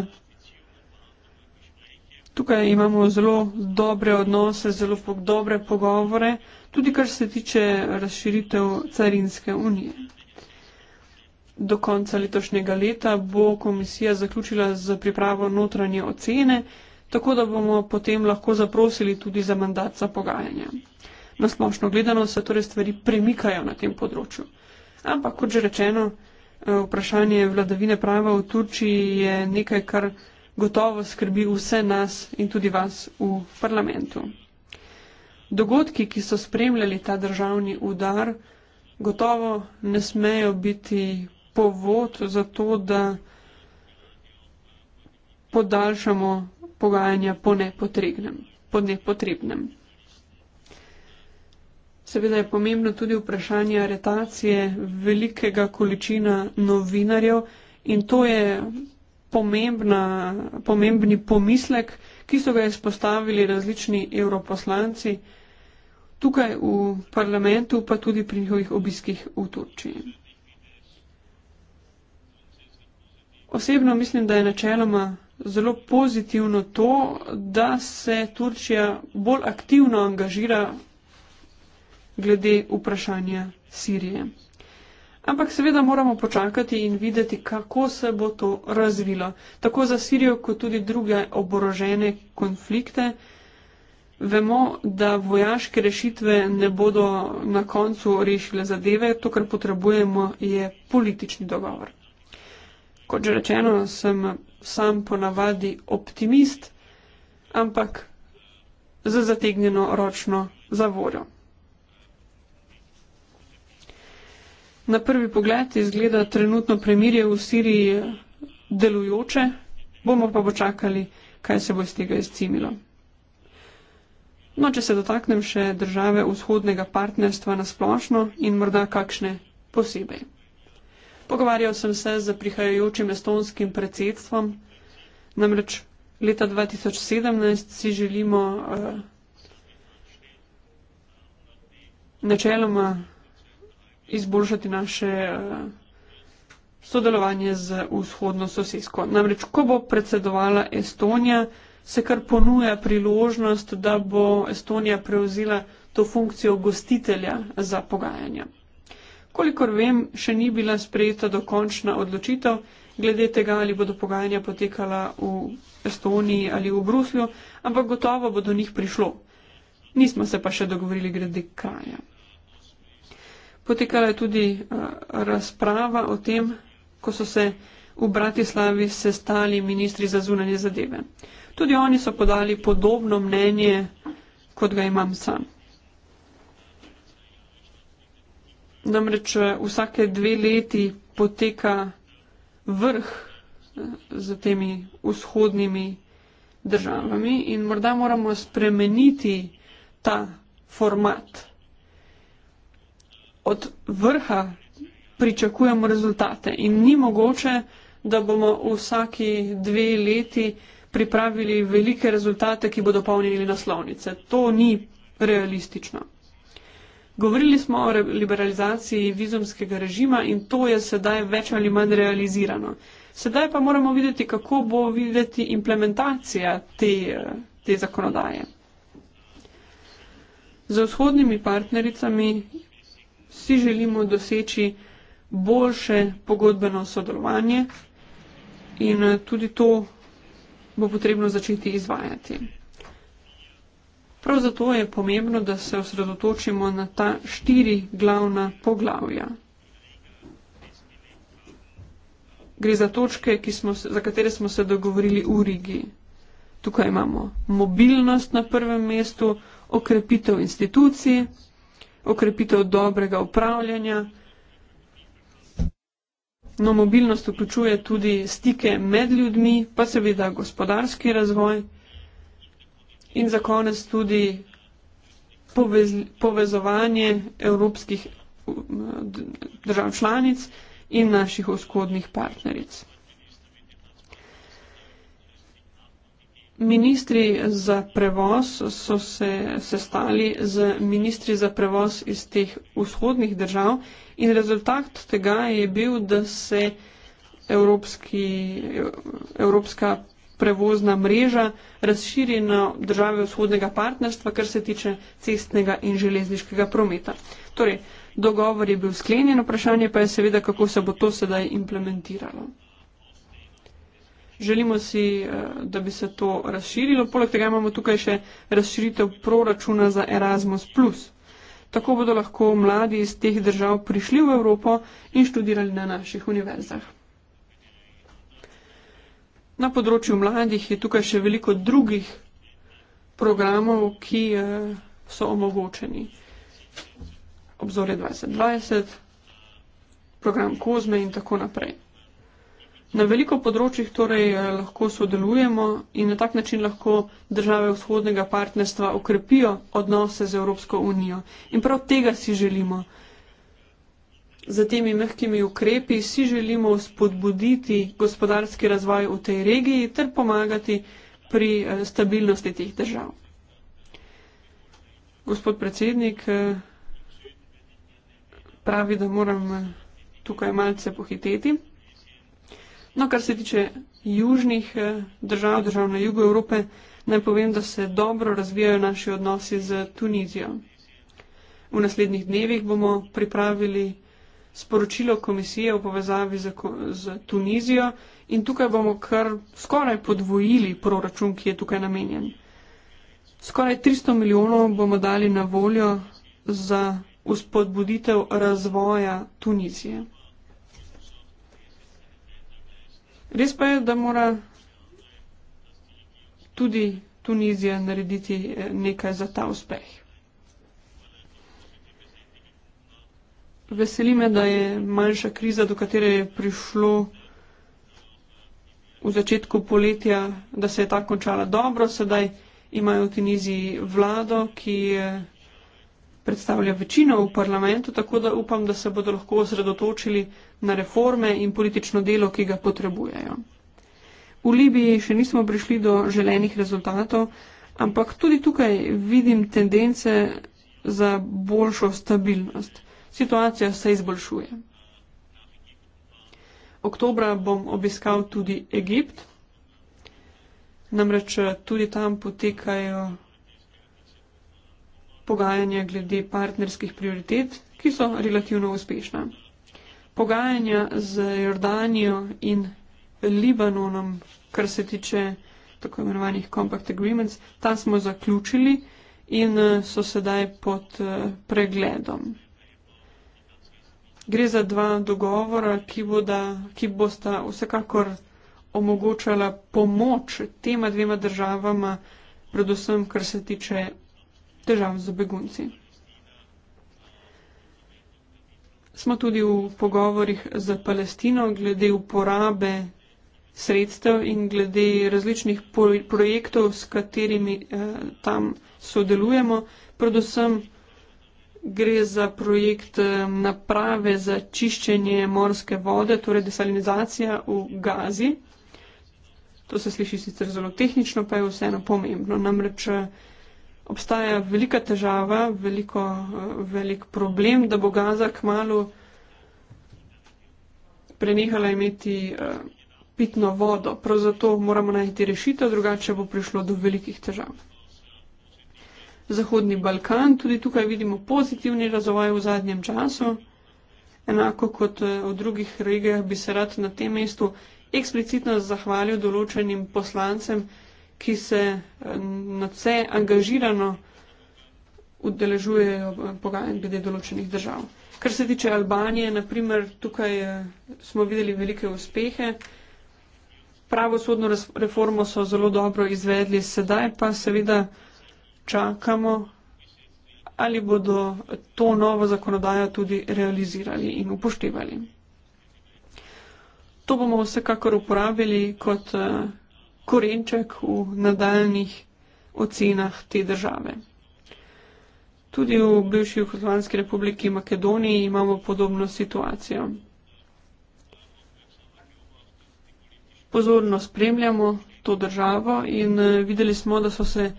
tukaj imamo zelo dobre odnose, zelo dobre pogovore, tudi kar se tiče razširitev carinske unije. Do konca letošnjega leta bo komisija zaključila z pripravo notranje ocene, tako da bomo potem lahko zaprosili tudi za mandat za pogajanje nasplošno gledano se torej stvari premikajo na tem področju. Ampak, kot že rečeno, eh, vprašanje vladavine prava v Turčiji je nekaj, kar gotovo skrbi vse nas in tudi vas v parlamentu. Dogodki, ki so spremljali ta državni udar, gotovo ne smejo biti povod za to, da podaljšamo pogajanja po nepotrebnem. Po nepotrebnem. Seveda je pomembno tudi vprašanje aretacije velikega količina novinarjev in to je pomembna, pomembni pomislek, ki so ga izpostavili različni europoslanci tukaj v parlamentu, pa tudi pri njihovih obiskih v Turčiji. Osebno mislim, da je načeloma zelo pozitivno to, da se Turčija bolj aktivno angažira glede vprašanja Sirije. Ampak seveda moramo počakati in videti, kako se bo to razvilo. Tako za Sirijo, kot tudi druge oborožene konflikte, vemo, da vojaške rešitve ne bodo na koncu rešile zadeve. To, kar potrebujemo, je politični dogovor. Kot že rečeno, sem sam ponavadi optimist, ampak z zategnjeno ročno zavorjo. Na prvi pogled izgleda trenutno premirje v Siriji delujoče, bomo pa počakali, kaj se bo iz tega izcimilo. No, če se dotaknem še države vzhodnega partnerstva na splošno in morda kakšne posebej. Pogovarjal sem se z prihajajočim estonskim predsedstvom, namreč leta 2017 si želimo uh, načeloma izboljšati naše eh, sodelovanje z vzhodno sosedsko. Namreč, ko bo predsedovala Estonija, se kar ponuja priložnost, da bo Estonija prevzela to funkcijo gostitelja za pogajanja. Kolikor vem, še ni bila sprejeta dokončna odločitev glede tega, ali bodo pogajanja potekala v Estoniji ali v Bruslju, ampak gotovo bo do njih prišlo. Nismo se pa še dogovorili glede kraja. Potekala je tudi eh, razprava o tem, ko so se v Bratislavi sestali ministri za zunanje zadeve. Tudi oni so podali podobno mnenje, kot ga imam sam. Namreč eh, vsake dve leti poteka vrh z eh, temi vzhodnimi državami in morda moramo spremeniti ta format od vrha pričakujemo rezultate in ni mogoče, da bomo vsaki dve leti pripravili velike rezultate, ki bodo polnili naslovnice. To ni realistično. Govorili smo o liberalizaciji vizumskega režima in to je sedaj več ali manj realizirano. Sedaj pa moramo videti, kako bo videti implementacija te, te zakonodaje. Za vzhodnimi partnericami vsi želimo doseči boljše pogodbeno sodelovanje in eh, tudi to bo potrebno začeti izvajati. Prav zato je pomembno, da se osredotočimo na ta štiri glavna poglavja. Gre za točke, smo, za katere smo se dogovorili v Rigi. Tukaj imamo mobilnost na prvem mestu, okrepitev institucij, okrepitev dobrega upravljanja. No, mobilnost vključuje tudi stike med ljudmi, pa seveda gospodarski razvoj in za konec tudi povez, povezovanje evropskih držav članic in naših vzhodnih partneric. Ministri za prevoz so se sestali z ministri za prevoz iz teh vzhodnih držav in rezultat tega je bil, da se evropski, evropska prevozna mreža razširi na države vzhodnega partnerstva, kar se tiče cestnega in železniškega prometa. Torej, dogovor je bil sklenjen, vprašanje pa je seveda, kako se bo to sedaj implementiralo. Želimo si, eh, da bi se to razširilo. Poleg tega imamo tukaj še razširitev proračuna za Erasmus. Tako bodo lahko mladi iz teh držav prišli v Evropo in študirali na naših univerzah. Na področju mladih je tukaj še veliko drugih programov, ki eh, so omogočeni. Obzorje 2020, program Kozme in tako naprej. Na veliko področjih torej eh, lahko sodelujemo in na tak način lahko države vzhodnega partnerstva okrepijo odnose z Evropsko unijo. In prav tega si želimo. Za temi mehkimi ukrepi si želimo spodbuditi gospodarski razvoj v tej regiji ter pomagati pri eh, stabilnosti teh držav. Gospod predsednik eh, pravi, da moram tukaj malce pohiteti. No, kar se tiče južnih eh, držav, držav na jugu Evrope, naj povem, da se dobro razvijajo naši odnosi z Tunizijo. V naslednjih dnevih bomo pripravili sporočilo komisije v povezavi z, z Tunizijo in tukaj bomo kar skoraj podvojili proračun, ki je tukaj namenjen. Skoraj 300 milijonov bomo dali na voljo za uspodbuditev razvoja Tunizije. Res pa je, da mora tudi Tunizija narediti eh, nekaj za ta uspeh. Veseli me, da je manjša kriza, do katere je prišlo v začetku poletja, da se je ta končala dobro. Sedaj imajo v Tuniziji vlado, ki je predstavlja večino v parlamentu, tako da upam, da se bodo lahko osredotočili na reforme in politično delo, ki ga potrebujejo. V Libiji še nismo prišli do želenih rezultatov, ampak tudi tukaj vidim tendence za boljšo stabilnost. Situacija se izboljšuje. Oktobra bom obiskal tudi Egipt, namreč tudi tam potekajo pogajanja glede partnerskih prioritet, ki so relativno uspešna. Pogajanja z Jordanijo in Libanonom, kar se tiče tako imenovanih compact agreements, ta smo zaključili in eh, so sedaj pod eh, pregledom. Gre za dva dogovora, ki, boda, ki bosta vsekakor omogočala pomoč tema dvema državama, predvsem kar se tiče težav z begunci. Smo tudi v pogovorih za Palestino glede uporabe sredstev in glede različnih projektov, s katerimi eh, tam sodelujemo. Predvsem gre za projekt eh, naprave za čiščenje morske vode, torej desalinizacija v Gazi. To se sliši sicer zelo tehnično, pa je vseeno pomembno. Namreč, eh, obstaja velika težava, veliko, velik problem, da bo Gaza kmalo prenehala imeti eh, pitno vodo. Prav zato moramo najti rešitev, drugače bo prišlo do velikih težav. Zahodni Balkan, tudi tukaj vidimo pozitivni razvoj v zadnjem času. Enako kot eh, v drugih regijah bi se rad na tem mestu eksplicitno zahvalil določenim poslancem, ki se eh, na vse angažirano udeležujejo eh, pogajanj glede določenih držav. Kar se tiče Albanije, naprimer, tukaj eh, smo videli velike uspehe. Pravosodno reformo so zelo dobro izvedli, sedaj pa seveda čakamo, ali bodo to novo zakonodajo tudi realizirali in upoštevali. To bomo vsekakor uporabili kot korenček v nadaljnih ocenah te države. Tudi v bivši Jugoslavijski republiki Makedoniji imamo podobno situacijo. Pozorno spremljamo to državo in eh, videli smo, da so se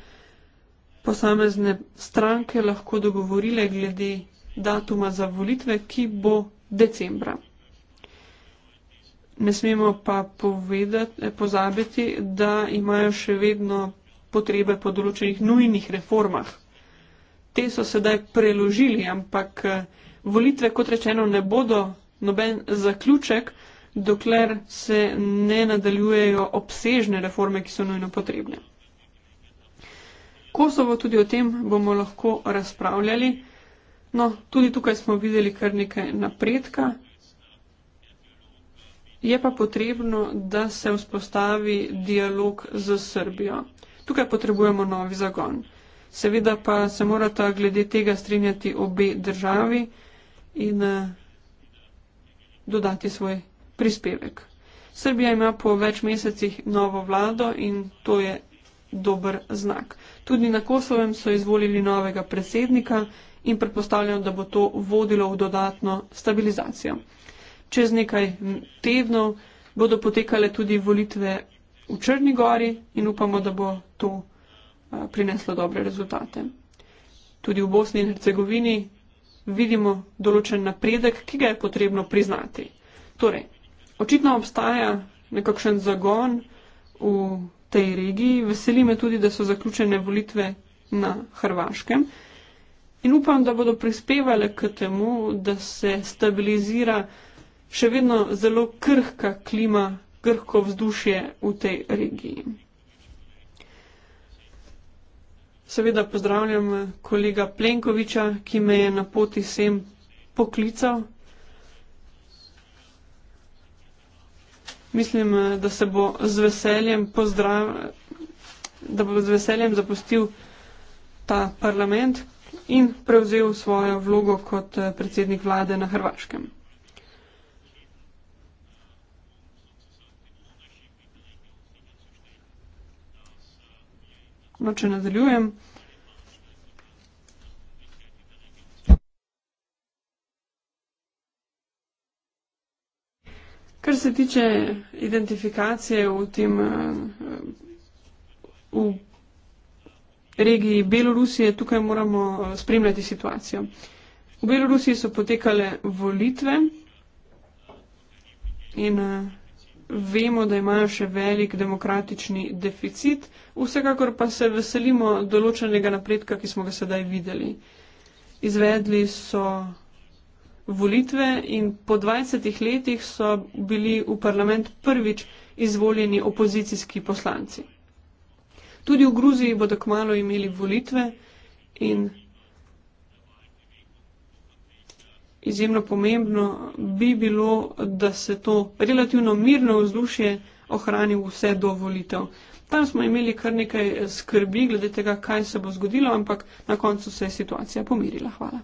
posamezne stranke lahko dogovorile glede datuma za volitve, ki bo decembra. Ne smemo pa povedati, eh, pozabiti, da imajo še vedno potrebe po določenih nujnih reformah. Te so sedaj preložili, ampak eh, volitve, kot rečeno, ne bodo noben zaključek, dokler se ne nadaljujejo obsežne reforme, ki so nujno potrebne. Kosovo tudi o tem bomo lahko razpravljali. No, tudi tukaj smo videli kar nekaj napredka. Je pa potrebno, da se vzpostavi dialog z Srbijo. Tukaj potrebujemo novi zagon. Seveda pa se morata glede tega strinjati obe državi in eh, dodati svoj prispevek. Srbija ima po več mesecih novo vlado in to je dober znak. Tudi na Kosovem so izvolili novega predsednika in predpostavljam, da bo to vodilo v dodatno stabilizacijo čez nekaj tednov bodo potekale tudi volitve v Črnigori in upamo, da bo to prineslo dobre rezultate. Tudi v Bosni in Hercegovini vidimo določen napredek, ki ga je potrebno priznati. Torej, očitno obstaja nekakšen zagon v tej regiji. Veseli me tudi, da so zaključene volitve na Hrvaškem in upam, da bodo prispevale k temu, da se stabilizira še vedno zelo krhka klima, krhko vzdušje v tej regiji. Seveda pozdravljam kolega Plenkoviča, ki me je na poti sem poklical. Mislim, da se bo z veseljem pozdrav, da bo z veseljem zapustil ta parlament in prevzel svojo vlogo kot eh, predsednik vlade na Hrvaškem. No, če nadaljujem. Kar se tiče identifikacije v tem eh, v regiji Belorusije, tukaj moramo eh, spremljati situacijo. V Belorusiji so potekale volitve in uh, vemo, da imajo še velik demokratični deficit, vsekakor pa se veselimo določenega napredka, ki smo ga sedaj videli. Izvedli so volitve in po 20 letih so bili v parlament prvič izvoljeni opozicijski poslanci. Tudi v Gruziji bodo kmalo imeli volitve in izjemno pomembno bi bilo, da se to relativno mirno vzdušje ohrani vse do volitev. Tam smo imeli kar nekaj skrbi glede tega, kaj se bo zgodilo, ampak na koncu se je situacija pomirila. Hvala.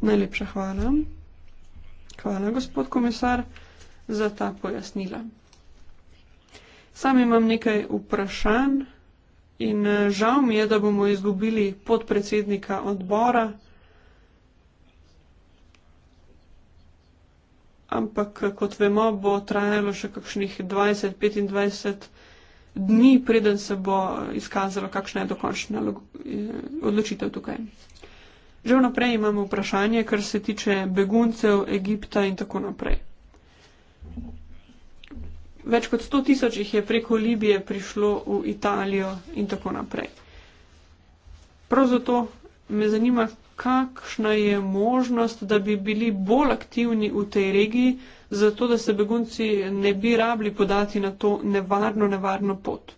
Najlepša hvala. Hvala, gospod komisar, za ta pojasnila. Sam imam nekaj vprašanj in eh, žal mi je, da bomo izgubili podpredsednika odbora. ampak kot vemo, bo trajalo še kakšnih 20-25 dni, preden se bo izkazalo, kakšna je dokončna eh, odločitev tukaj. Že vnaprej imamo vprašanje, kar se tiče beguncev, Egipta in tako naprej. Več kot 100 tisoč jih je preko Libije prišlo v Italijo in tako naprej. Prav zato me zanima, kakšna je možnost, da bi bili bolj aktivni v tej regiji, zato da se begunci ne bi rabili podati na to nevarno, nevarno pot.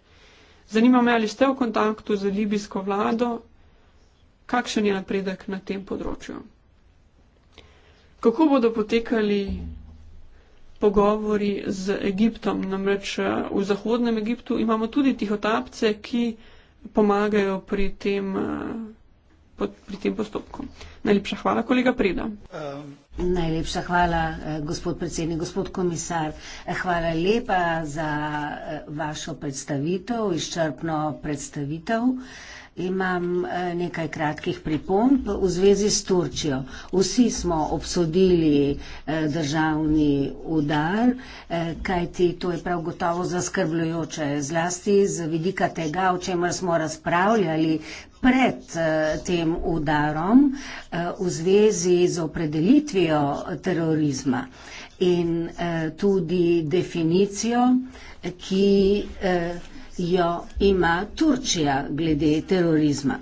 Zanima me, ali ste v kontaktu z libijsko vlado, kakšen je napredek na tem področju. Kako bodo potekali pogovori z Egiptom? Namreč eh, v Zahodnem Egiptu imamo tudi tihotapce, ki pomagajo pri tem. Uh, pod, pri tem postopku. Najlepša hvala, kolega Preda. Um. Najlepša hvala, eh, gospod predsednik, gospod komisar. Eh, hvala lepa za eh, vašo predstavitev, izčrpno predstavitev. Imam eh, nekaj kratkih pripomb v zvezi s Turčijo. Vsi smo obsodili eh, državni udar, eh, kajti to je prav gotovo zaskrbljujoče, zlasti z vidika tega, o čemer smo razpravljali pred tem udarom v zvezi z opredelitvijo terorizma in tudi definicijo, ki jo ima Turčija glede terorizma.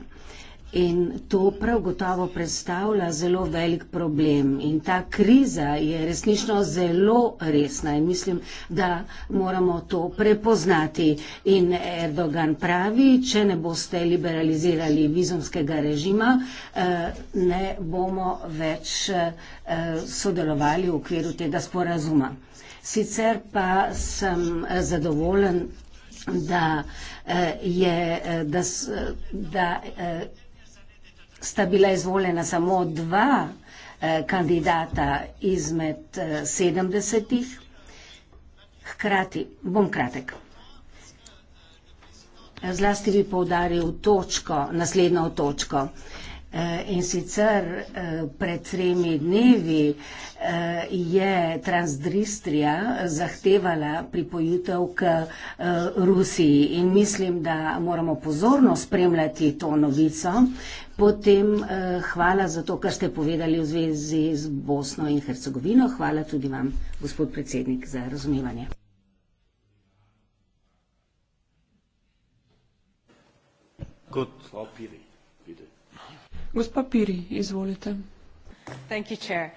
In to prav gotovo predstavlja zelo velik problem. In ta kriza je resnično zelo resna in mislim, da moramo to prepoznati. In Erdogan pravi, če ne boste liberalizirali vizumskega režima, eh, ne bomo več eh, sodelovali v okviru tega sporazuma. Sicer pa sem eh, zadovoljen da eh, je, eh, da, da eh, sta bila izvoljena samo dva kandidata izmed sedemdesetih. Hkrati bom kratek. Zlasti bi poudaril točko, naslednjo točko. Eh, in sicer eh, pred tremi dnevi eh, je Transdristrija zahtevala pripojitev k Rusiji in mislim, da moramo pozorno spremljati to novico. Potem hvala za to, kar ste povedali v zvezi z Bosno in Hercegovino. Hvala tudi vam, gospod predsednik, za razumevanje. Good, I'll be there. Gospa Piri, izvolite. Thank you, chair.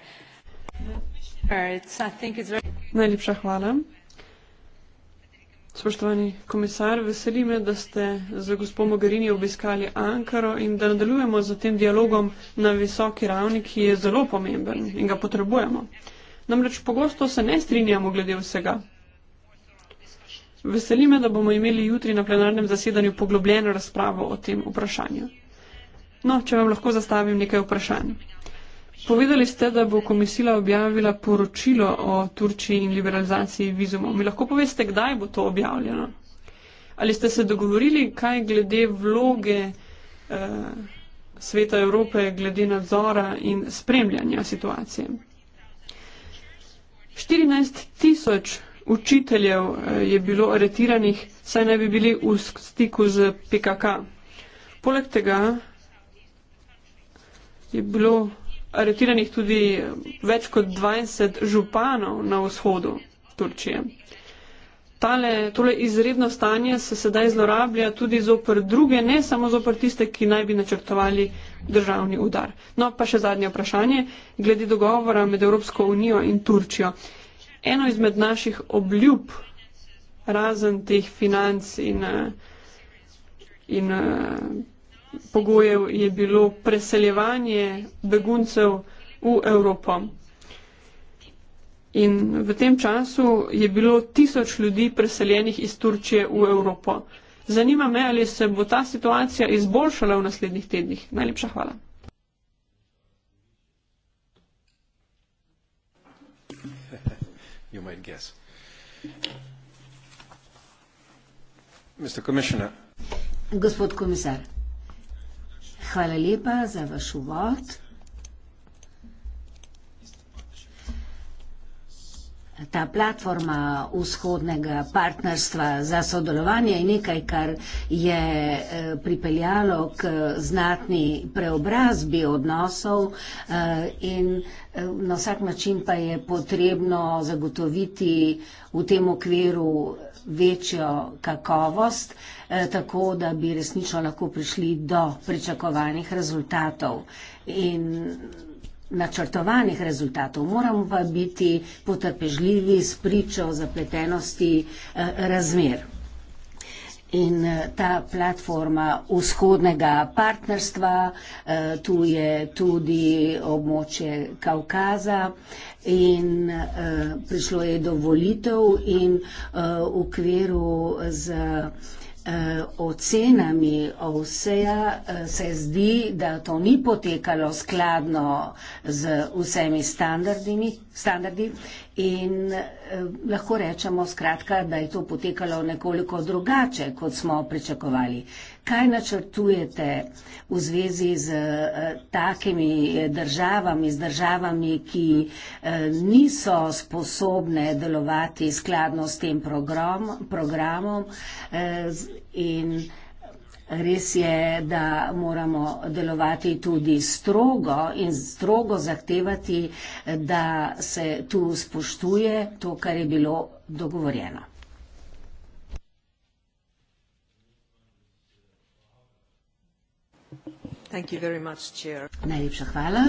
Najlepša hvala. Spoštovani komisar, veseli me, da ste za gospod Mogherini obiskali Ankaro in da nadaljujemo z tem dialogom na visoki ravni, ki je zelo pomemben in ga potrebujemo. Namreč pogosto se ne strinjamo glede vsega. Veseli me, da bomo imeli jutri na plenarnem zasedanju poglobljeno razpravo o tem vprašanju. No, če vam lahko zastavim nekaj vprašanj. Povedali ste, da bo komisija objavila poročilo o Turčiji in liberalizaciji vizumov. Mi lahko poveste, kdaj bo to objavljeno? Ali ste se dogovorili, kaj glede vloge eh, Sveta Evrope, glede nadzora in spremljanja situacije? 14 tisoč učiteljev eh, je bilo aretiranih, saj naj bi bili v stiku z PKK. Poleg tega je bilo aretiranih tudi več kot 20 županov na vzhodu Turčije. Tale, tole izredno stanje se sedaj zlorablja tudi zopr druge, ne samo zopr tiste, ki naj bi načrtovali državni udar. No, pa še zadnje vprašanje, glede dogovora med Evropsko unijo in Turčijo. Eno izmed naših obljub, razen teh financ in, in, in pogojev je bilo preseljevanje beguncev v Evropo. In v tem času je bilo tisoč ljudi preseljenih iz Turčije v Evropo. Zanima me, ali se bo ta situacija izboljšala v naslednjih tednih. Najlepša hvala. You might guess. Mr. Commissioner. Gospod komisar. Hvala lepa za vaš uvod. Ta platforma vzhodnega partnerstva za sodelovanje je nekaj, kar je eh, pripeljalo k znatni preobrazbi odnosov eh, in eh, na vsak način pa je potrebno zagotoviti v tem okviru večjo kakovost. Eh, tako da bi resnično lahko prišli do pričakovanih rezultatov in načrtovanih rezultatov. Moramo pa biti potrpežljivi s pričo zapletenosti eh, razmer. In eh, ta platforma vzhodnega partnerstva, tu je tudi območje Kaukaza in prišlo je do volitev in v okviru z eh, ocenami vseja eh, se zdi, da to ni potekalo skladno z vsemi standardi in eh, lahko rečemo skratka, da je to potekalo nekoliko drugače, kot smo pričakovali. Kaj načrtujete v zvezi z eh, takimi državami, z državami, ki eh, niso sposobne delovati skladno s tem program, programom eh, in res je, da moramo delovati tudi strogo in strogo zahtevati, da se tu spoštuje to, kar je bilo dogovorjeno. Najlepša hvala,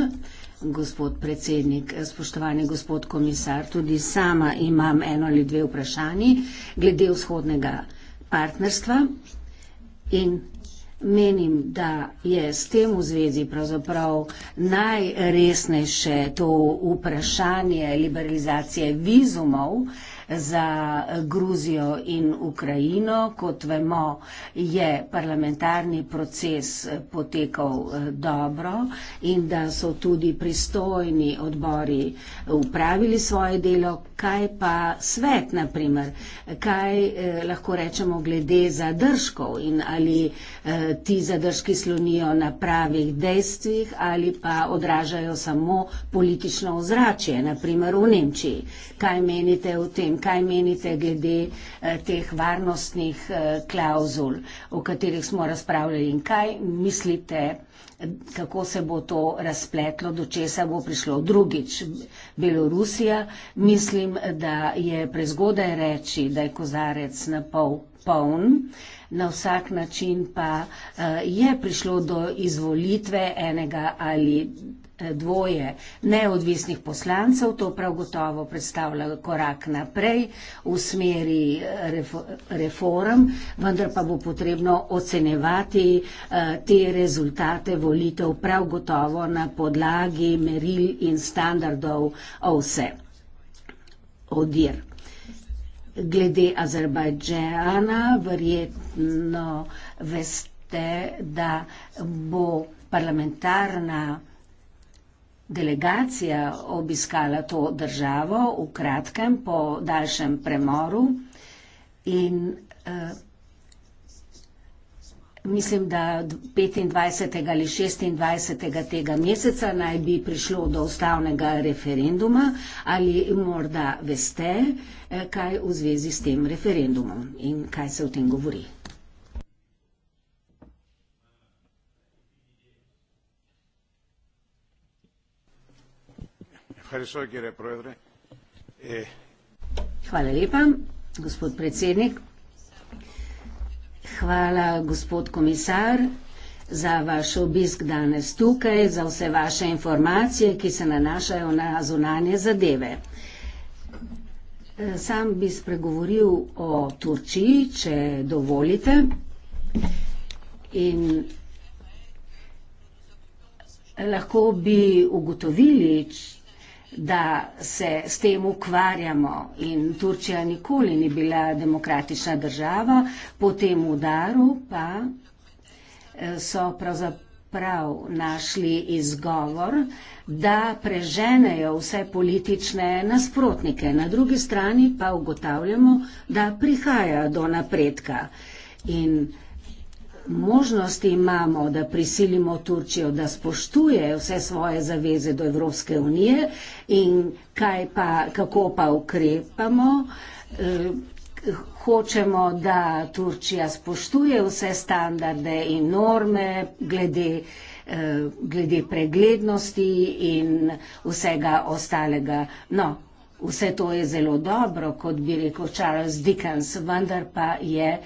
gospod predsednik. Spoštovani gospod komisar, tudi sama imam eno ali dve vprašanji glede vzhodnega partnerstva in menim, da je s tem v zvezi pravzaprav najresnejše to vprašanje liberalizacije vizumov, za Gruzijo in Ukrajino. Kot vemo, je parlamentarni proces potekal eh, dobro in da so tudi pristojni odbori upravili svoje delo. Kaj pa svet, naprimer, kaj eh, lahko rečemo glede zadržkov in ali eh, ti zadržki slonijo na pravih dejstvih ali pa odražajo samo politično ozračje, naprimer v Nemčiji. Kaj menite o tem, kaj menite glede eh, teh varnostnih eh, klauzul, o katerih smo razpravljali in kaj mislite, kako se bo to razpletlo, do česa bo prišlo drugič Belorusija. Mislim, da je prezgodaj reči, da je kozarec na pol poln. Na vsak način pa uh, je prišlo do izvolitve enega ali dvoje neodvisnih poslancev, to prav gotovo predstavlja korak naprej v smeri eh, reform, vendar pa bo potrebno ocenevati eh, te rezultate volitev prav gotovo na podlagi meril in standardov o vse. Odir. Glede Azerbajdžana, verjetno veste, da bo parlamentarna delegacija obiskala to državo v kratkem, po daljšem premoru. In, eh, Mislim, da 25. ali 26. tega meseca naj bi prišlo do ustavnega referenduma ali morda veste, eh, kaj v zvezi s tem referendumom in kaj se v tem govori. Ευχαριστώ κύριε Πρόεδρε. Hvala lepa, gospod predsednik. Hvala, gospod komisar, za vaš obisk danes tukaj, za vse vaše informacije, ki se nanašajo na zunanje zadeve. Sam bi spregovoril o Turčiji, če dovolite. In lahko bi ugotovili, da se s tem ukvarjamo in Turčija nikoli ni bila demokratična država, po tem udaru pa eh, so pravzaprav našli izgovor, da preženejo vse politične nasprotnike. Na drugi strani pa ugotavljamo, da prihaja do napredka. In možnosti imamo, da prisilimo Turčijo, da spoštuje vse svoje zaveze do Evropske unije in pa, kako pa ukrepamo. Eh, hočemo, da Turčija spoštuje vse standarde in norme glede, eh, glede preglednosti in vsega ostalega. No, vse to je zelo dobro, kot bi rekel Charles Dickens, vendar pa je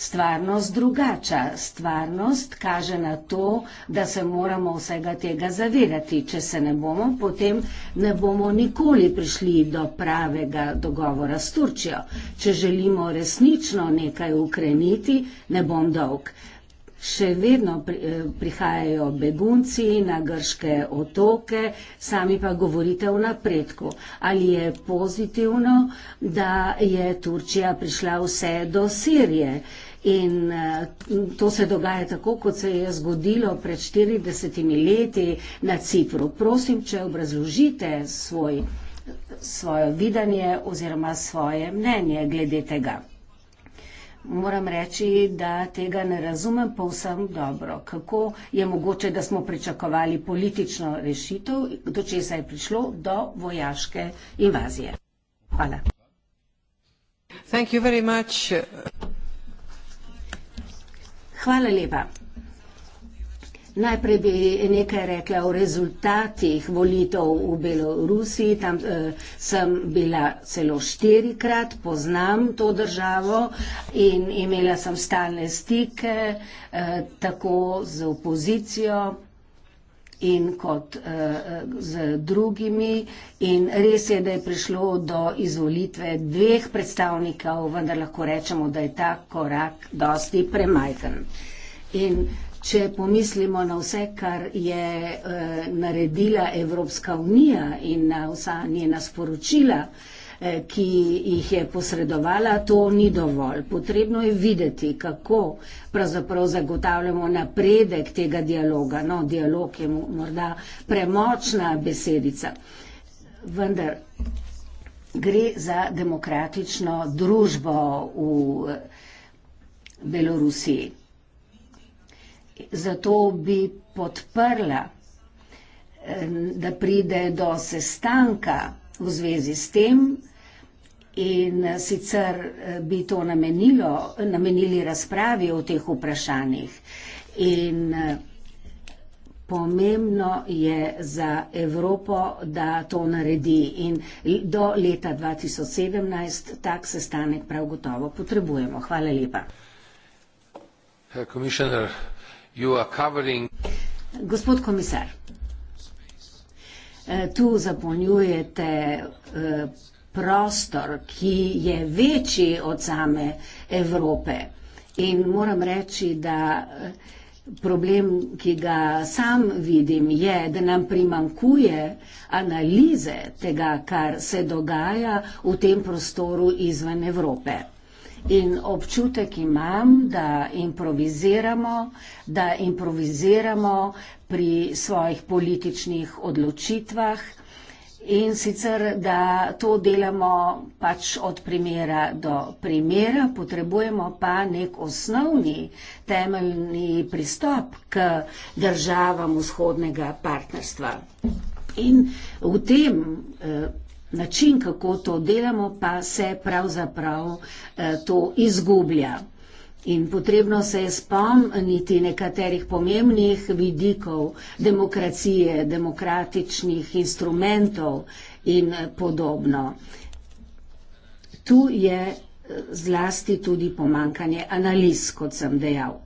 stvarnost drugača. Stvarnost kaže na to, da se moramo vsega tega zavedati. Če se ne bomo, potem ne bomo nikoli prišli do pravega dogovora s Turčijo. Če želimo resnično nekaj ukreniti, ne bom dolg. Še vedno eh, prihajajo begunci na grške otoke, sami pa govorite o napredku. Ali je pozitivno, da je Turčija prišla vse do Sirije? In eh, to se dogaja tako, kot se je zgodilo pred 40 leti na Cipru. Prosim, če obrazložite svoj, svojo videnje oziroma svoje mnenje glede tega. Moram reči, da tega ne razumem povsem dobro. Kako je mogoče, da smo pričakovali politično rešitev, do česa je prišlo, do vojaške invazije. Hvala. Thank you very much. Hvala lepa. Najprej bi nekaj rekla o rezultatih volitev v Belorusiji. Tam eh, sem bila celo štirikrat, poznam to državo in imela sem stalne stike eh, tako z opozicijo in kot eh, z drugimi. In res je, da je prišlo do izvolitve dveh predstavnikov, vendar lahko rečemo, da je ta korak dosti premajten. In če pomislimo na vse, kar je eh, naredila Evropska unija in na vsa njena sporočila, Eh, ki jih je posredovala, to ni dovolj. Potrebno je videti, kako pravzaprav zagotavljamo napredek tega dialoga. No, dialog je morda premočna besedica. Vendar gre za demokratično družbo v eh, Belorusiji. Zato bi podprla, eh, da pride do sestanka v zvezi s tem, in eh, sicer eh, bi to namenilo, namenili razpravi o teh vprašanjih. In eh, pomembno je za Evropo, da to naredi in do leta 2017 tak sestanek prav gotovo potrebujemo. Hvala lepa. Gospod komisar, tu zapolnjujete prostor, ki je večji od same Evrope. In moram reči, da eh, problem, ki ga sam vidim, je, da nam primankuje analize tega, kar se dogaja v tem prostoru izven Evrope. In občutek imam, da improviziramo, da improviziramo pri svojih političnih odločitvah, In sicer, da to delamo pač od primera do primera, potrebujemo pa nek osnovni temeljni pristop k državam vzhodnega partnerstva. In v tem eh, način, kako to delamo, pa se pravzaprav eh, to izgublja. In potrebno se je spomniti nekaterih pomembnih vidikov demokracije, demokratičnih instrumentov in podobno. Tu je eh, zlasti tudi pomankanje analiz, kot sem dejal.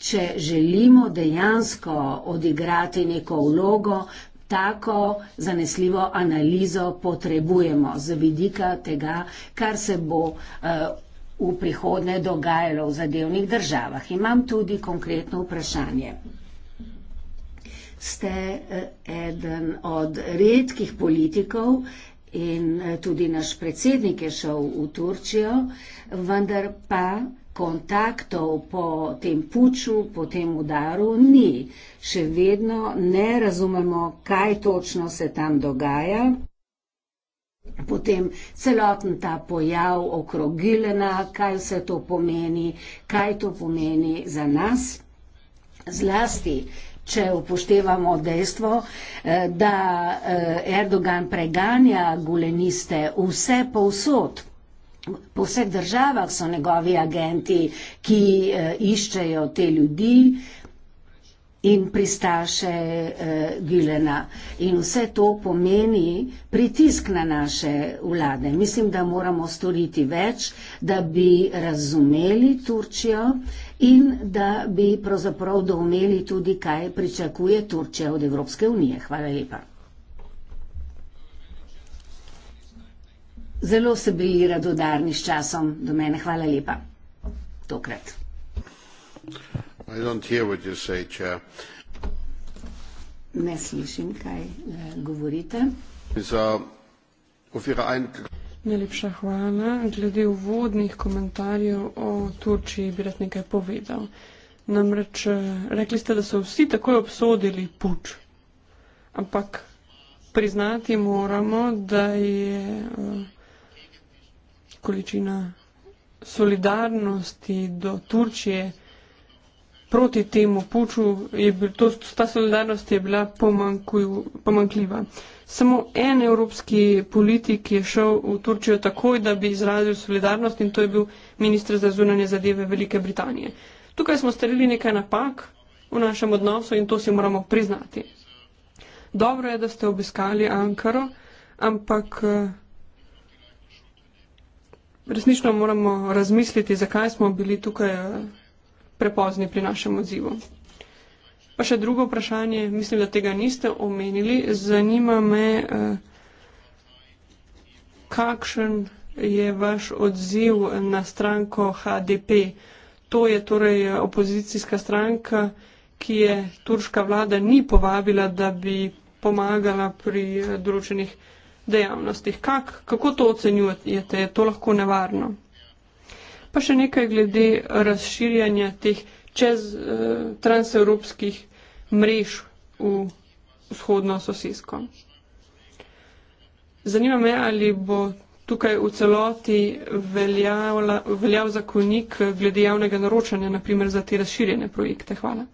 Če želimo dejansko odigrati neko vlogo, tako zanesljivo analizo potrebujemo z vidika tega, kar se bo. Uh, v prihodnje dogajalo v zadevnih državah. Imam tudi konkretno vprašanje. Ste eh, eden od redkih politikov in eh, tudi naš predsednik je šel v Turčijo, vendar pa kontaktov po tem puču, po tem udaru ni. Še vedno ne razumemo, kaj točno se tam dogaja. Potem celoten ta pojav okrogilena, kaj vse to pomeni, kaj to pomeni za nas. Zlasti, če upoštevamo dejstvo, eh, da eh, Erdogan preganja guleniste vse povsod, po vseh državah so njegovi agenti, ki eh, iščejo te ljudi, in pristaše eh, Gülena. In vse to pomeni pritisk na naše vlade. Mislim, da moramo storiti več, da bi razumeli Turčijo in da bi pravzaprav doumeli tudi, kaj pričakuje Turčija od Evropske unije. Hvala lepa. Zelo ste bili radodarni s časom do mene. Hvala lepa. Tokrat. I don't hear what you say, chair. Ne slišim, kaj eh, govorite. Najlepša hvala. Glede uvodnih komentarjev o Turčiji bi rad nekaj povedal. Namreč eh, rekli ste, da so vsi takoj obsodili puč. Ampak priznati moramo, da je eh, količina solidarnosti do Turčije proti temu puču, je bil, to, ta solidarnost je bila pomankljiva. Samo en evropski politik je šel v Turčijo takoj, da bi izrazil solidarnost in to je bil ministr za zunanje zadeve Velike Britanije. Tukaj smo starili nekaj napak v našem odnosu in to si moramo priznati. Dobro je, da ste obiskali Ankaro, ampak eh, resnično moramo razmisliti, zakaj smo bili tukaj. Eh, prepozni pri našem odzivu. Pa še drugo vprašanje, mislim, da tega niste omenili. Zanima me, eh, kakšen je vaš odziv na stranko HDP. To je torej eh, opozicijska stranka, ki je turška vlada ni povabila, da bi pomagala pri eh, določenih dejavnostih. Kak, kako to ocenjujete? Je to lahko nevarno? Pa še nekaj glede razširjanja teh čez uh, transevropskih mrež v vzhodno sosesko. Zanima me, ali bo tukaj v celoti veljavla, veljav zakonik glede javnega naročanja, naprimer za te razširjene projekte. Hvala.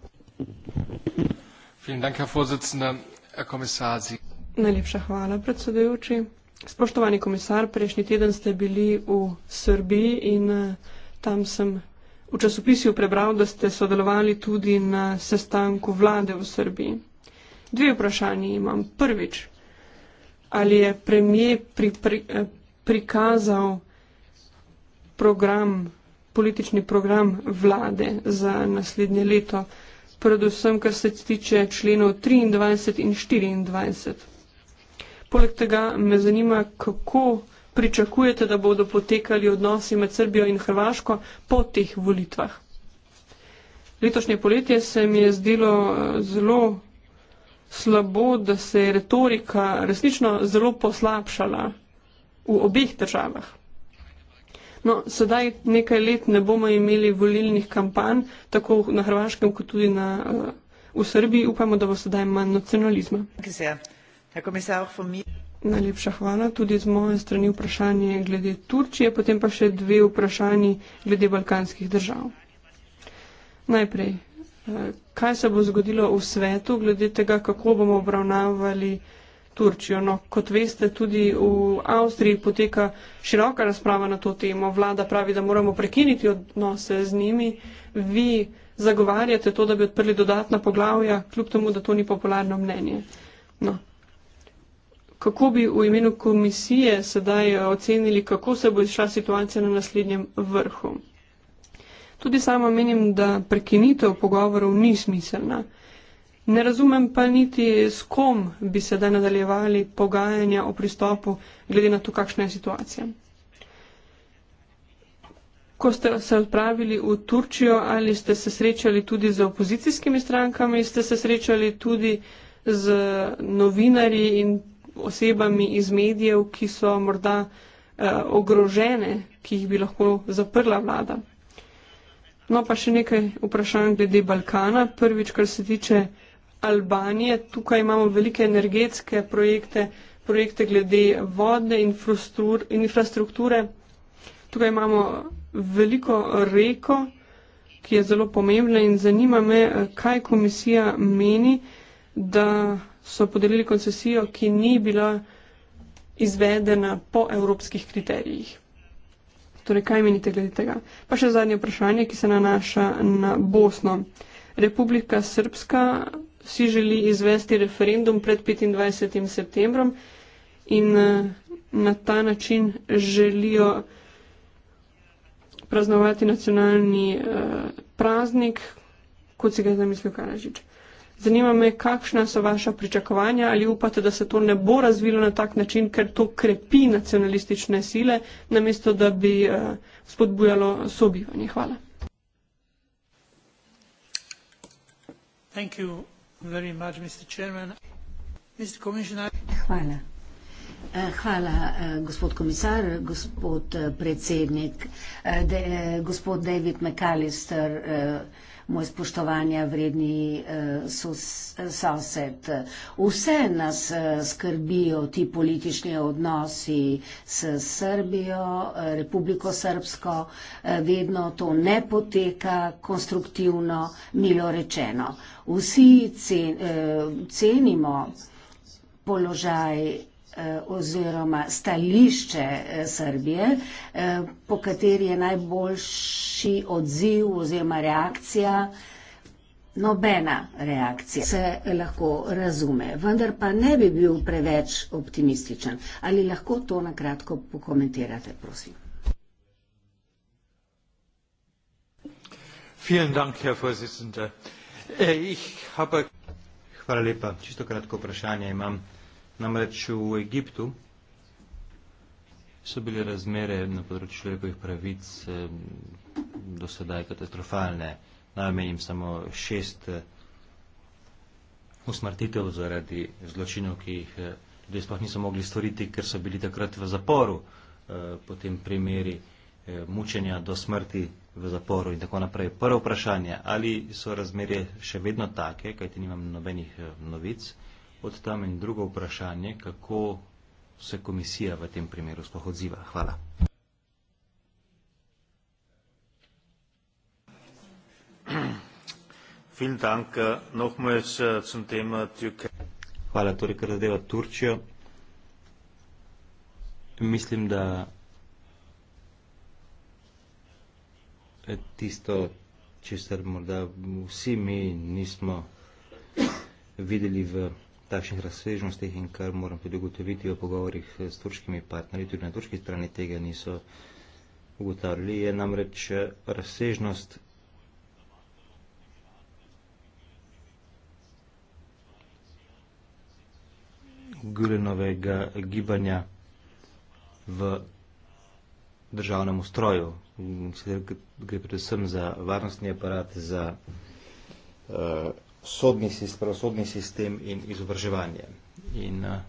Najlepša hvala, predsedujoči. Spoštovani komisar, prejšnji teden ste bili v Srbiji in eh, tam sem v časopisju prebral, da ste sodelovali tudi na sestanku vlade v Srbiji. Dve vprašanje imam. Prvič, ali je premije pri, pri, eh, prikazal program, politični program vlade za naslednje leto, predvsem kar se tiče členov 23 in 24. Poleg tega me zanima, kako pričakujete, da bodo potekali odnosi med Srbijo in Hrvaško po teh volitvah. Letošnje poletje se mi je zdelo eh, zelo slabo, da se je retorika resnično zelo poslabšala v obeh državah. No, sedaj nekaj let ne bomo imeli volilnih kampanj, tako na Hrvaškem kot tudi na, uh, v Srbiji. Upamo, da bo sedaj manj nacionalizma. Gizem. Herr Kommissar, auch von mir. Najlepša hvala. Tudi z moje strani vprašanje glede Turčije, potem pa še dve vprašanji glede balkanskih držav. Najprej, eh, kaj se bo zgodilo v svetu glede tega, kako bomo obravnavali Turčijo? No, kot veste, tudi v Avstriji poteka široka razprava na to temo. Vlada pravi, da moramo prekiniti odnose z njimi. Vi zagovarjate to, da bi odprli dodatna poglavja, kljub temu, da to ni popularno mnenje. No, kako bi v imenu komisije sedaj ocenili, kako se bo izšla situacija na naslednjem vrhu. Tudi sama menim, da prekinitev pogovorov ni smiselna. Ne razumem pa niti, s kom bi sedaj nadaljevali pogajanja o pristopu, glede na to, kakšna je situacija. Ko ste se odpravili v Turčijo, ali ste se srečali tudi z opozicijskimi strankami, ste se srečali tudi z novinarji in osebami iz medijev, ki so morda eh, ogrožene, ki jih bi lahko zaprla vlada. No, pa še nekaj vprašanj glede Balkana. Prvič, kar se tiče Albanije, tukaj imamo velike energetske projekte, projekte glede vode, infrastrukture. Tukaj imamo veliko reko, ki je zelo pomembna in zanima me, eh, kaj komisija meni, da so podelili koncesijo, ki ni bila izvedena po evropskih kriterijih. Torej, kaj menite glede tega? Pa še zadnje vprašanje, ki se nanaša na Bosno. Republika Srpska si želi izvesti referendum pred 25. septembrom in eh, na ta način želijo praznovati nacionalni uh, praznik, kot si ga je zamislil Karažič. Zanima me, kakšna so vaša pričakovanja, ali upate, da se to ne bo razvilo na tak način, ker to krepi nacionalistične sile, namesto da bi uh, spodbujalo sobivanje. Hvala. Hvala. Eh, hvala, eh, gospod komisar, gospod predsednik, de, gospod David McAllister. Uh, moj spoštovanja vredni eh, eh, sosed. Vse nas eh, skrbijo ti politični odnosi s Srbijo, Republiko Srbsko, vedno to ne poteka konstruktivno, milo rečeno. Vsi cenimo položaj oziroma stališče Srbije, po kateri je najboljš reči odziv oziroma reakcija. Nobena reakcija se lahko razume, vendar pa ne bi bil preveč optimističen. Ali lahko to na kratko pokomentirate, prosim? Äh, Hvala lepa. Čisto kratko vprašanje imam. Namreč v Egiptu so bile razmere na področju človekovih pravic eh, do sedaj katastrofalne. Naj omenim samo šest eh, usmrtitev zaradi zločinov, ki jih eh, ljudje sploh niso mogli storiti, ker so bili takrat v zaporu, potem primeri mučenja do smrti v zaporu in tako naprej. Prvo vprašanje, ali so razmerje še vedno take, kajti nimam nobenih novic od tam in drugo vprašanje, kako se komisija v tem primeru sploh odziva. Hvala. Äh, äh, Hvala, torej, kar zadeva Turčijo. Mislim, da e, tisto, če se morda vsi mi nismo videli v takšnih razsežnostih in kar moram tudi ugotoviti v pogovorih s turškimi partnerji, tudi na turški strani tega niso ugotavljali, je namreč eh, razsežnost Gülenovega gibanja v državnem ustroju. Gre predvsem za varnostni aparat, za uh, sodni sistem, pravosodni sistem in izobraževanje. In uh,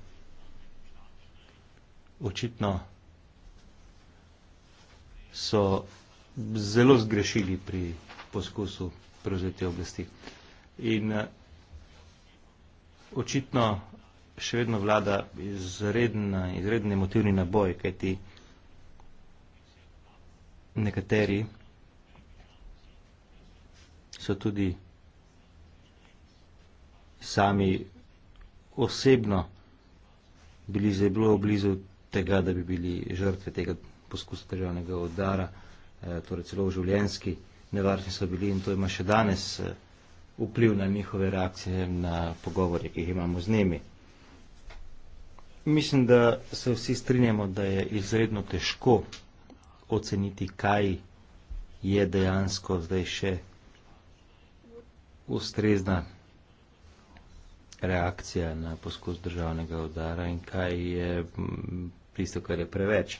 očitno so zelo zgrešili pri poskusu prevzeti oblasti. In uh, očitno še vedno vlada izredna, izredne motivni naboj, kajti nekateri so tudi sami osebno bili zelo blizu tega, da bi bili žrtve tega poskusa državnega udara, eh, torej celo v življenski nevarni so bili in to ima še danes eh, vpliv na njihove reakcije, na pogovore, ki jih imamo z njimi. Mislim, da se vsi strinjamo, da je izredno težko oceniti, kaj je dejansko zdaj še ustrezna reakcija na poskus državnega udara in kaj je tisto, kar je preveč.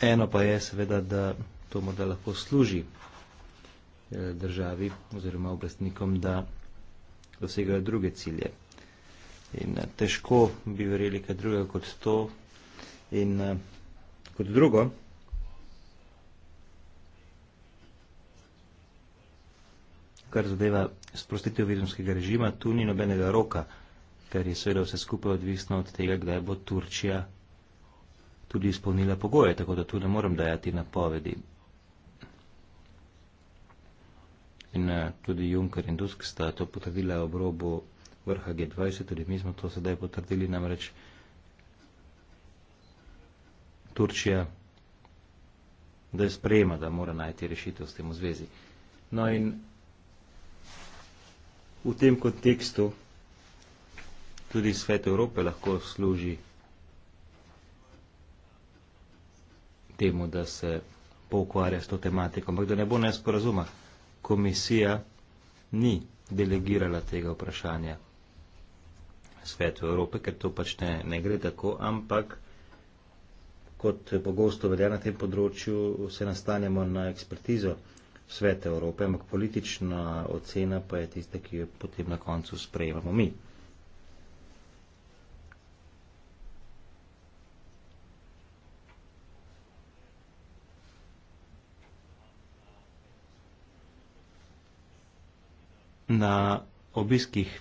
Eno pa je seveda, da to morda lahko služi eh, državi oziroma oblastnikom, da dosegajo druge cilje. In eh, težko bi verjeli kaj drugega kot to. In eh, kot drugo, kar zadeva sprostitev vizumskega režima, tu ni nobenega roka, ker je seveda vse skupaj odvisno od tega, kdaj bo Turčija tudi izpolnila pogoje, tako da tu ne morem dajati napovedi. In eh, tudi Juncker in Dusk sta to potrdila ob robu vrha G20, tudi mi smo to sedaj potrdili, namreč Turčija da je sprejema, da mora najti rešitev s tem v zvezi. No in v tem kontekstu tudi svet Evrope lahko služi temu, da se poukvarja s to tematiko. Ampak da ne bo nesporazuma, komisija ni delegirala tega vprašanja svetu Evrope, ker to pač ne, ne gre tako, ampak kot pogosto velja na tem področju, se nastanemo na ekspertizo svet Evrope, ampak politična ocena pa je tista, ki jo potem na koncu sprejemamo mi. Na obiskih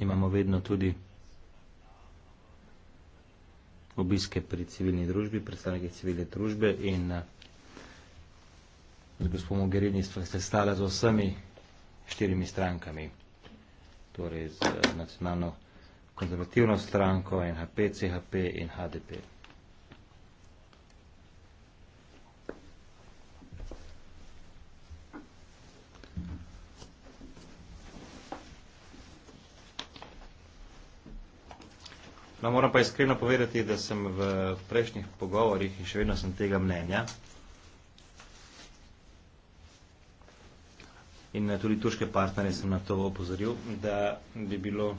imamo vedno tudi obiske pri civilni družbi, predstavniki civilne družbe in z gospod Mogherini sva se stala z vsemi štirimi strankami, torej z eh, nacionalno konzervativno stranko NHP, CHP in HDP. No, moram pa iskreno povedati, da sem v prejšnjih pogovorih in še vedno sem tega mnenja, in eh, tudi turške partnerje sem na to opozoril, da bi bilo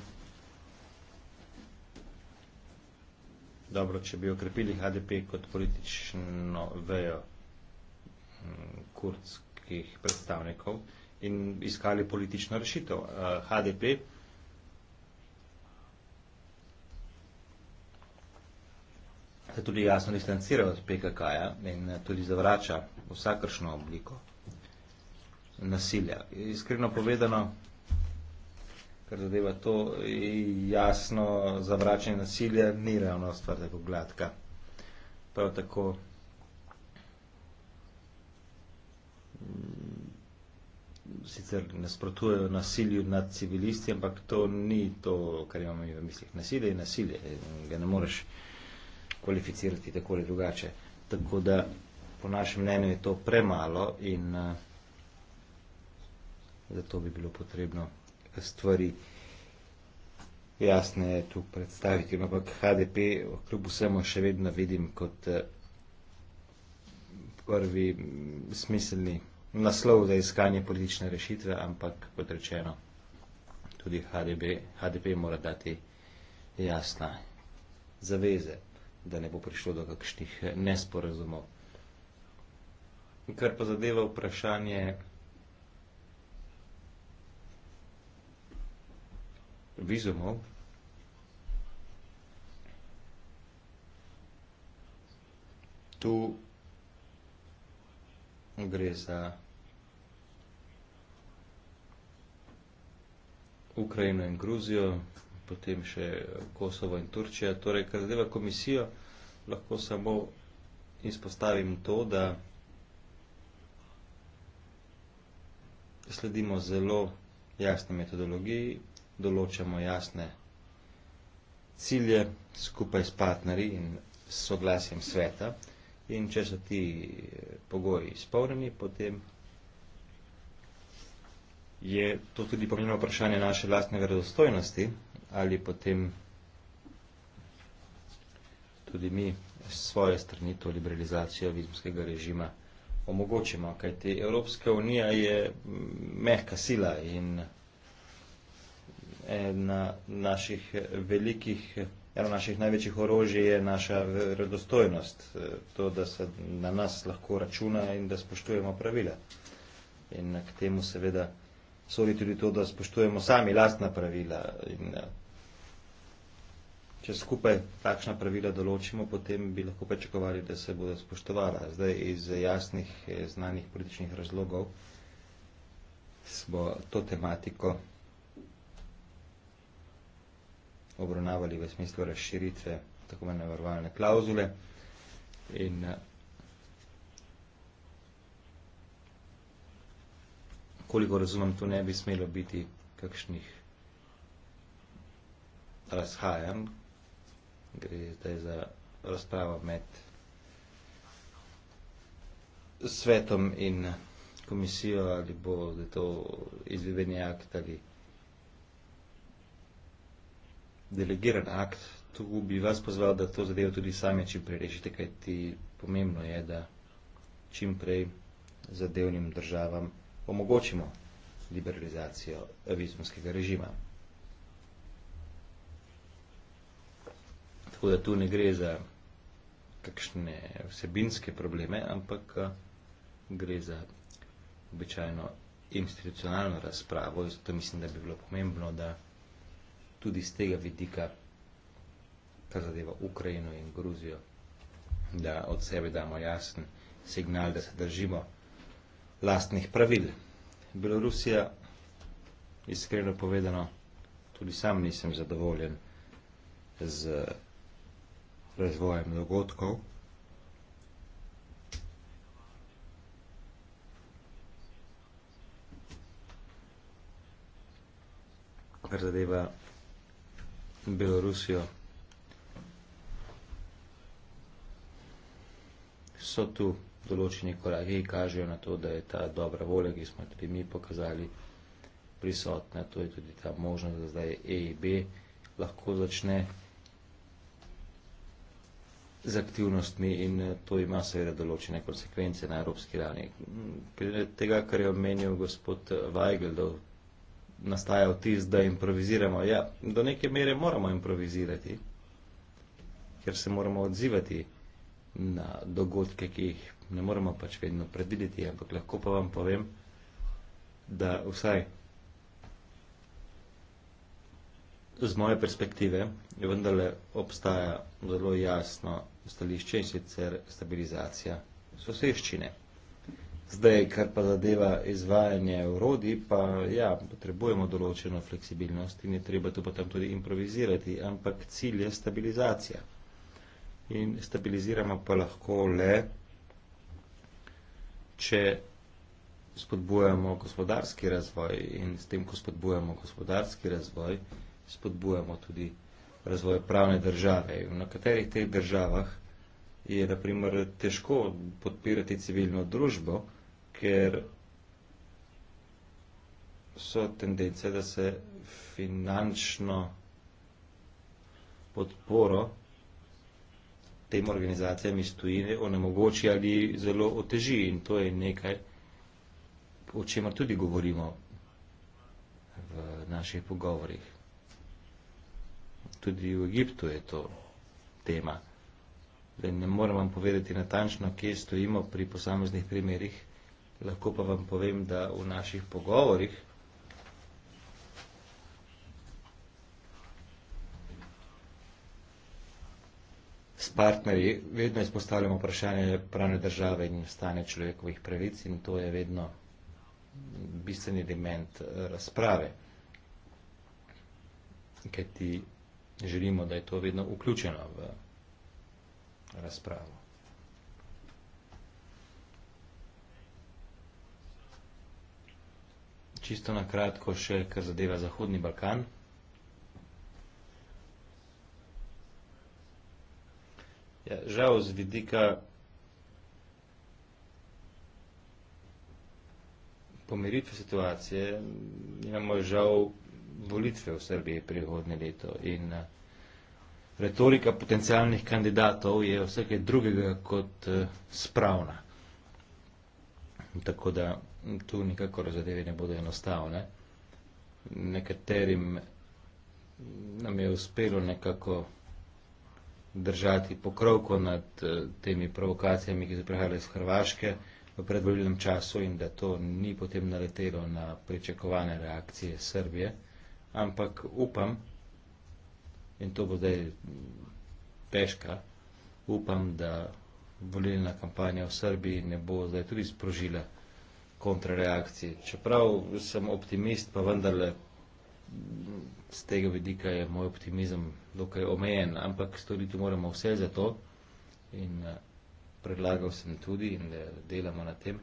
dobro, če bi okrepili HDP kot politično vejo mm, kurdskih predstavnikov in iskali politično rešitev. HDP eh, se tudi jasno distancira od PKK-ja in eh, tudi zavrača vsakršno obliko nasilja. Iskreno povedano, kar zadeva to jasno zavračanje nasilja, ni ravno stvar tako gladka. Prav tako mm, sicer nasprotujejo nasilju nad civilisti, ampak to ni to, kar imamo mi v mislih. Nasilje je nasilje, ga ne moreš kvalificirati tako ali drugače. Tako da po našem mnenju je to premalo in uh, zato bi bilo potrebno stvari jasne tu predstaviti, ampak HDP kljub vsemu še vedno vidim kot eh, prvi smiselni naslov za iskanje politične rešitve, ampak kot rečeno, tudi HDP, HDP mora dati jasna zaveze, da ne bo prišlo do kakšnih eh, nesporazumov. Kar pa zadeva vprašanje visumov. Tu gre za Ukrajino in Gruzijo, potem še Kosovo in Turčija. Torej, kar zadeva komisijo, lahko samo izpostavim to, da sledimo zelo jasni metodologiji, določamo jasne cilje skupaj s partnerji in s soglasjem sveta. In če so ti eh, pogoji izpolnjeni, potem je to tudi pomembno vprašanje naše lastne verodostojnosti, ali potem tudi mi s svoje strani to liberalizacijo vizumskega režima omogočimo, kajti Evropska unija je mm, mehka sila in ena naših eh, velikih, eno naših največjih orožij je naša verodostojnost, eh, to, da se na nas lahko računa in da spoštujemo pravila. In k temu seveda soli tudi to, da spoštujemo sami lastna pravila. In, eh, če skupaj takšna pravila določimo, potem bi lahko pričakovali, da se bodo spoštovala. Zdaj iz jasnih, znanih političnih razlogov smo to tematiko obravnavali v smislu razširitve tako imenovane varovalne klauzule. In eh, koliko razumem, tu ne bi smelo biti kakšnih razhajanj, gre zdaj za razpravo med svetom in komisijo, ali bo to izvedenje akt ali delegiran akt. Tu bi vas pozval, da to zadevo tudi sami čim prej rešite, kaj ti pomembno je, da čim prej zadevnim državam omogočimo liberalizacijo vizumskega režima. Tako da tu ne gre za kakšne vsebinske probleme, ampak gre za običajno institucionalno razpravo, zato mislim, da bi bilo pomembno, da tudi z tega vidika, kar zadeva Ukrajino in Gruzijo, da od sebe damo jasen signal, da se držimo lastnih pravil. Belorusija, iskreno povedano, tudi sam nisem zadovoljen z razvojem dogodkov. Kar zadeva Belorusijo. So tu določeni koraki, ki kažejo na to, da je ta dobra volja, ki smo tudi mi pokazali, prisotna. To je tudi ta možnost, da zdaj EIB lahko začne z aktivnostmi in eh, to ima seveda določene konsekvence na evropski ravni. Tega, kar je omenil gospod Weigel, da nastaja vtis, da improviziramo. Ja, do neke mere moramo improvizirati, ker se moramo odzivati na dogodke, ki jih ne moremo pač vedno predvideti, ampak lahko pa vam povem, da vsaj z moje perspektive je vendarle obstaja zelo jasno stališče in sicer stabilizacija soseščine. Zdaj, kar pa zadeva izvajanje urodi, pa ja, potrebujemo določeno fleksibilnost in je treba to potem tudi improvizirati, ampak cilj je stabilizacija. In stabiliziramo pa lahko le, če spodbujamo gospodarski razvoj in s tem, ko spodbujamo gospodarski razvoj, spodbujamo tudi razvoj pravne države. Na katerih teh državah je, naprimer, težko podpirati civilno družbo, ker so tendence, da se finančno podporo tem organizacijam iz tujine onemogoči ali zelo oteži in to je nekaj, o čemer tudi govorimo v naših pogovorih. Tudi v Egiptu je to tema. Ne morem vam povedati natančno, kje stojimo pri posameznih primerih, Lahko pa vam povem, da v naših pogovorih s partnerji vedno izpostavljamo vprašanje pravne države in stanje človekovih pravic in to je vedno bistveni element eh, razprave, ker ti želimo, da je to vedno vključeno v razpravo. Čisto na kratko še, kar zadeva Zahodni Balkan. Ja, žal z vidika pomiritve situacije imamo žal volitve v Srbiji prihodne leto in eh, retorika potencialnih kandidatov je vsekaj drugega kot eh, spravna. Tako da tu nikakor zadeve ne bodo enostavne. Nekaterim nam je uspelo nekako držati pokrovko nad eh, temi provokacijami, ki so prihajale iz Hrvaške v predvoljenem času in da to ni potem naletelo na pričakovane reakcije Srbije. Ampak upam, in to bo zdaj težka, upam, da volilna kampanja v Srbiji ne bo zdaj tudi sprožila kontrareakciji. Čeprav sem optimist, pa vendarle z tega vidika je moj optimizem dokaj omejen, ampak storiti moramo vse za to in eh, predlagal sem tudi in eh, delamo na tem,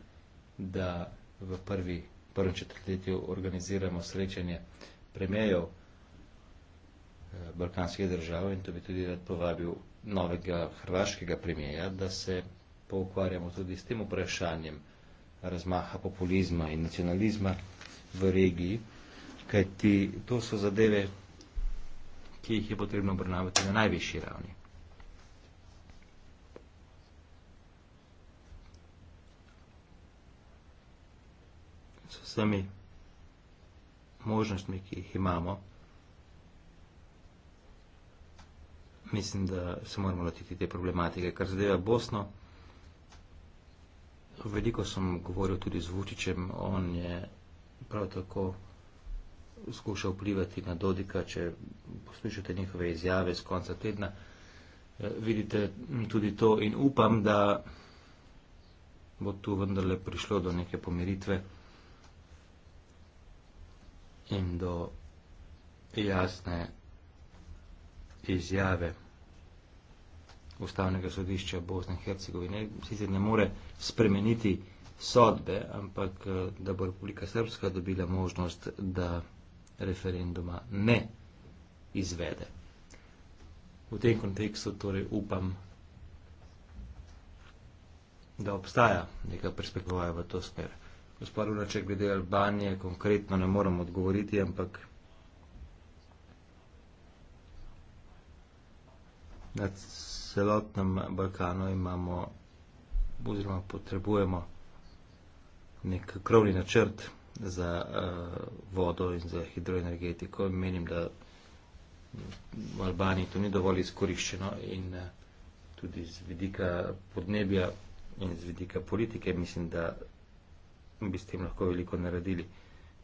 da v prvi, prvem četrtletju organiziramo srečanje premijev eh, balkanskih držav in to bi tudi rad povabil novega hrvaškega premijeja, da se poukvarjamo tudi s tem vprašanjem, razmaha populizma in nacionalizma v regiji, kajti to so zadeve, ki jih je potrebno obrnavati na najvišji ravni. S vsemi možnostmi, ki jih imamo, mislim, da se moramo lotiti te problematike. Kar zadeva Bosno, Veliko sem govoril tudi z Vučičem, on je prav tako skušal vplivati na Dodika, če poslušate njihove izjave z konca tedna, ja, vidite tudi to in upam, da bo tu vendarle prišlo do neke pomiritve in do jasne izjave ustavnega sodišča Bosne in Hercegovine. Sicer ne more spremeniti sodbe, ampak eh, da bo Republika Srpska dobila možnost, da referenduma ne izvede. V tem kontekstu torej upam, da obstaja neka perspektiva v to smer. Gospod Runaček, glede Albanije konkretno ne moram odgovoriti, ampak na celotnem Balkanu imamo oziroma potrebujemo nek krovni načrt za uh, vodo in za hidroenergetiko. Menim, da v Albaniji to ni dovolj izkoriščeno in uh, tudi z vidika podnebja in z vidika politike mislim, da bi s tem lahko veliko naredili.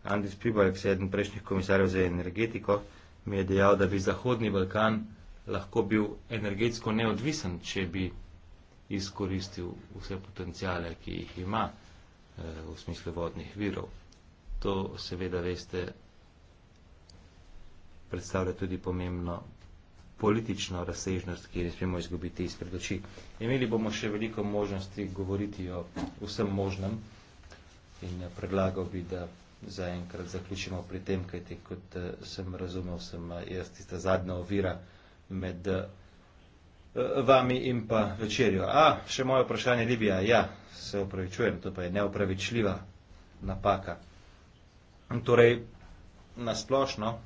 Andris Pribajek, eden prejšnjih komisarjev za energetiko, mi je dejal, da bi Zahodni Balkan lahko bil energetsko neodvisen, če bi izkoristil vse potencijale, ki jih ima eh, v smislu vodnih virov. To seveda veste predstavlja tudi pomembno politično razsežnost, ki ne smemo izgubiti izpred oči. Imeli bomo še veliko možnosti govoriti o vsem možnem in eh, predlagal bi, da zaenkrat zaključimo pri tem, kajti kot eh, sem razumel, sem jaz tista zadnja ovira, med eh, vami in pa večerjo. A, še moje vprašanje, Libija. Ja, se opravičujem, to pa je neopravičljiva napaka. Torej, nasplošno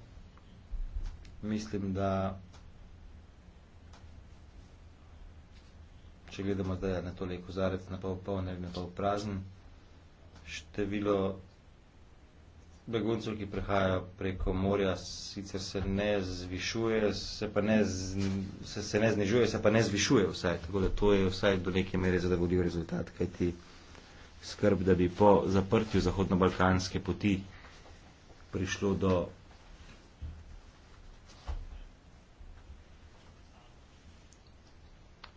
mislim, da če gledamo zdaj na tole kozarec, na pol poln, na pol prazen, število beguncev, ki prihajajo preko morja, sicer se ne zvišuje, se pa ne, z, se, se ne znižuje, se pa ne zvišuje vsaj. Tako da to je vsaj do neke mere zadovoljiv rezultat, kaj ti skrb, da bi po zaprtju Zahodno-Balkanske poti prišlo do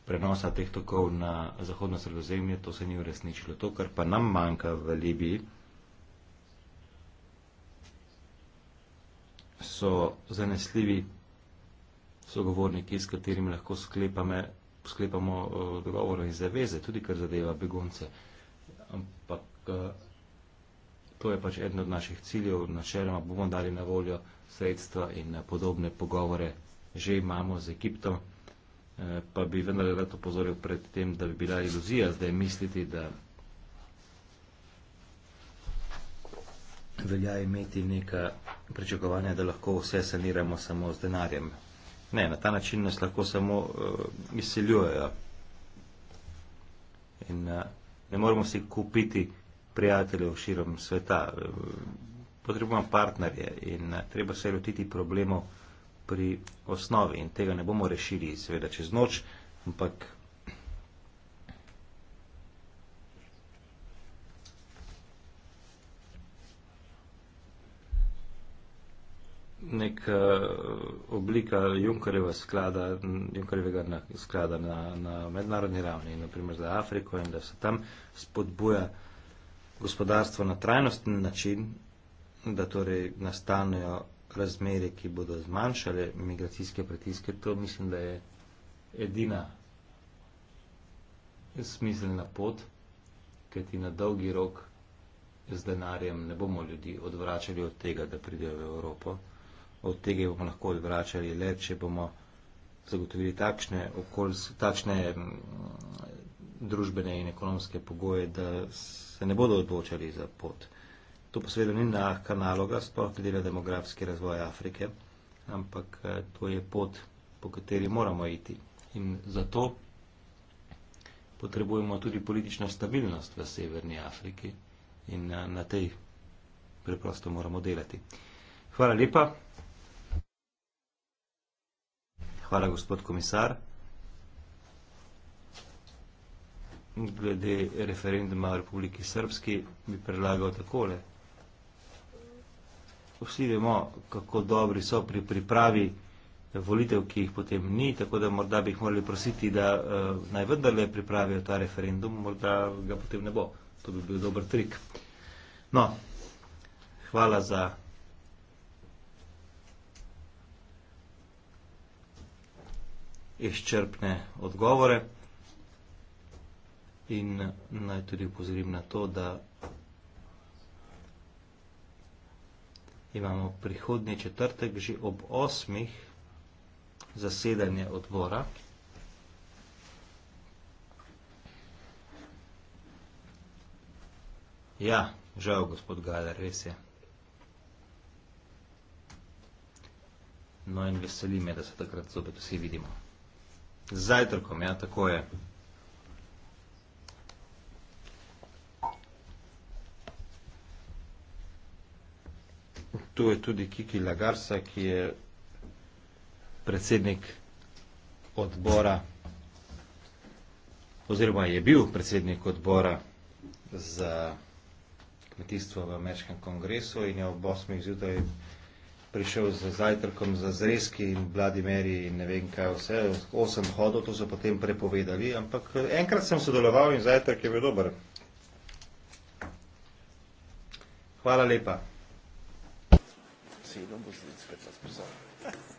prenosa teh tokov na Zahodno-Sredozemlje, to se ni uresničilo. To, kar pa nam manjka v Libiji, so zanesljivi sogovorniki, s katerimi lahko sklepame, sklepamo uh, dogovore in zaveze, tudi kar zadeva begonce. Ampak uh, to je pač eden od naših ciljev, načeloma bomo dali na voljo sredstva in uh, podobne pogovore že imamo z Egiptom, uh, pa bi vendar rad opozoril pred tem, da bi bila iluzija zdaj misliti, da velja imeti neka pričakovanja, da lahko vse saniramo samo z denarjem. Ne, na ta način nas lahko samo uh, eh, izseljujejo. In uh, ne moremo si kupiti prijateljev širom sveta. Potrebujemo partnerje in uh, treba se lotiti problemov pri osnovi. In tega ne bomo rešili, seveda, čez noč, ampak nek uh, oblika Junkareva sklada, Junkarevega sklada na, na mednarodni ravni, naprimer za Afriko in da se tam spodbuja gospodarstvo na trajnostni način, da torej nastanejo razmere, ki bodo zmanjšale migracijske pritiske, to mislim, da je edina smiselna pot, ker ti na dolgi rok z denarjem ne bomo ljudi odvračali od tega, da pridejo v Evropo od tega bomo lahko odvračali le, če bomo zagotovili takšne, okoljs, takšne mm, družbene in ekonomske pogoje, da se ne bodo odločali za pot. To pa seveda ni lahka naloga, sploh glede na demografski razvoj Afrike, ampak eh, to je pot, po kateri moramo iti. In zato potrebujemo tudi politično stabilnost v Severni Afriki in eh, na tej preprosto moramo delati. Hvala lepa. Hvala, gospod komisar. Glede referenduma v Republiki Srbski bi predlagal takole. Vsi vemo, kako dobri so pri pripravi eh, volitev, ki jih potem ni, tako da morda bi jih morali prositi, da uh, naj vendarle pripravijo ta referendum, morda ga potem ne bo. To bi bil dober trik. No, hvala za. izčrpne odgovore. In naj tudi upozorim na to, da imamo prihodni četrtek že ob osmih zasedanje odbora. Ja, žal, gospod Galer, res je. No in veseli me, da se takrat zopet vsi vidimo z zajtrkom, ja, tako je. Tu je tudi Kiki Lagarsa, ki je predsednik odbora, oziroma je bil predsednik odbora za kmetijstvo v Ameriškem kongresu in je ob 8. zjutraj prišel z zajtrkom, za zrezki in Vladimir in ne vem kaj vse. Osem hodov, to so potem prepovedali, ampak eh, enkrat sem sodeloval in zajtrk je bil dober. Hvala lepa. Sedem bo zdaj spet razpisal.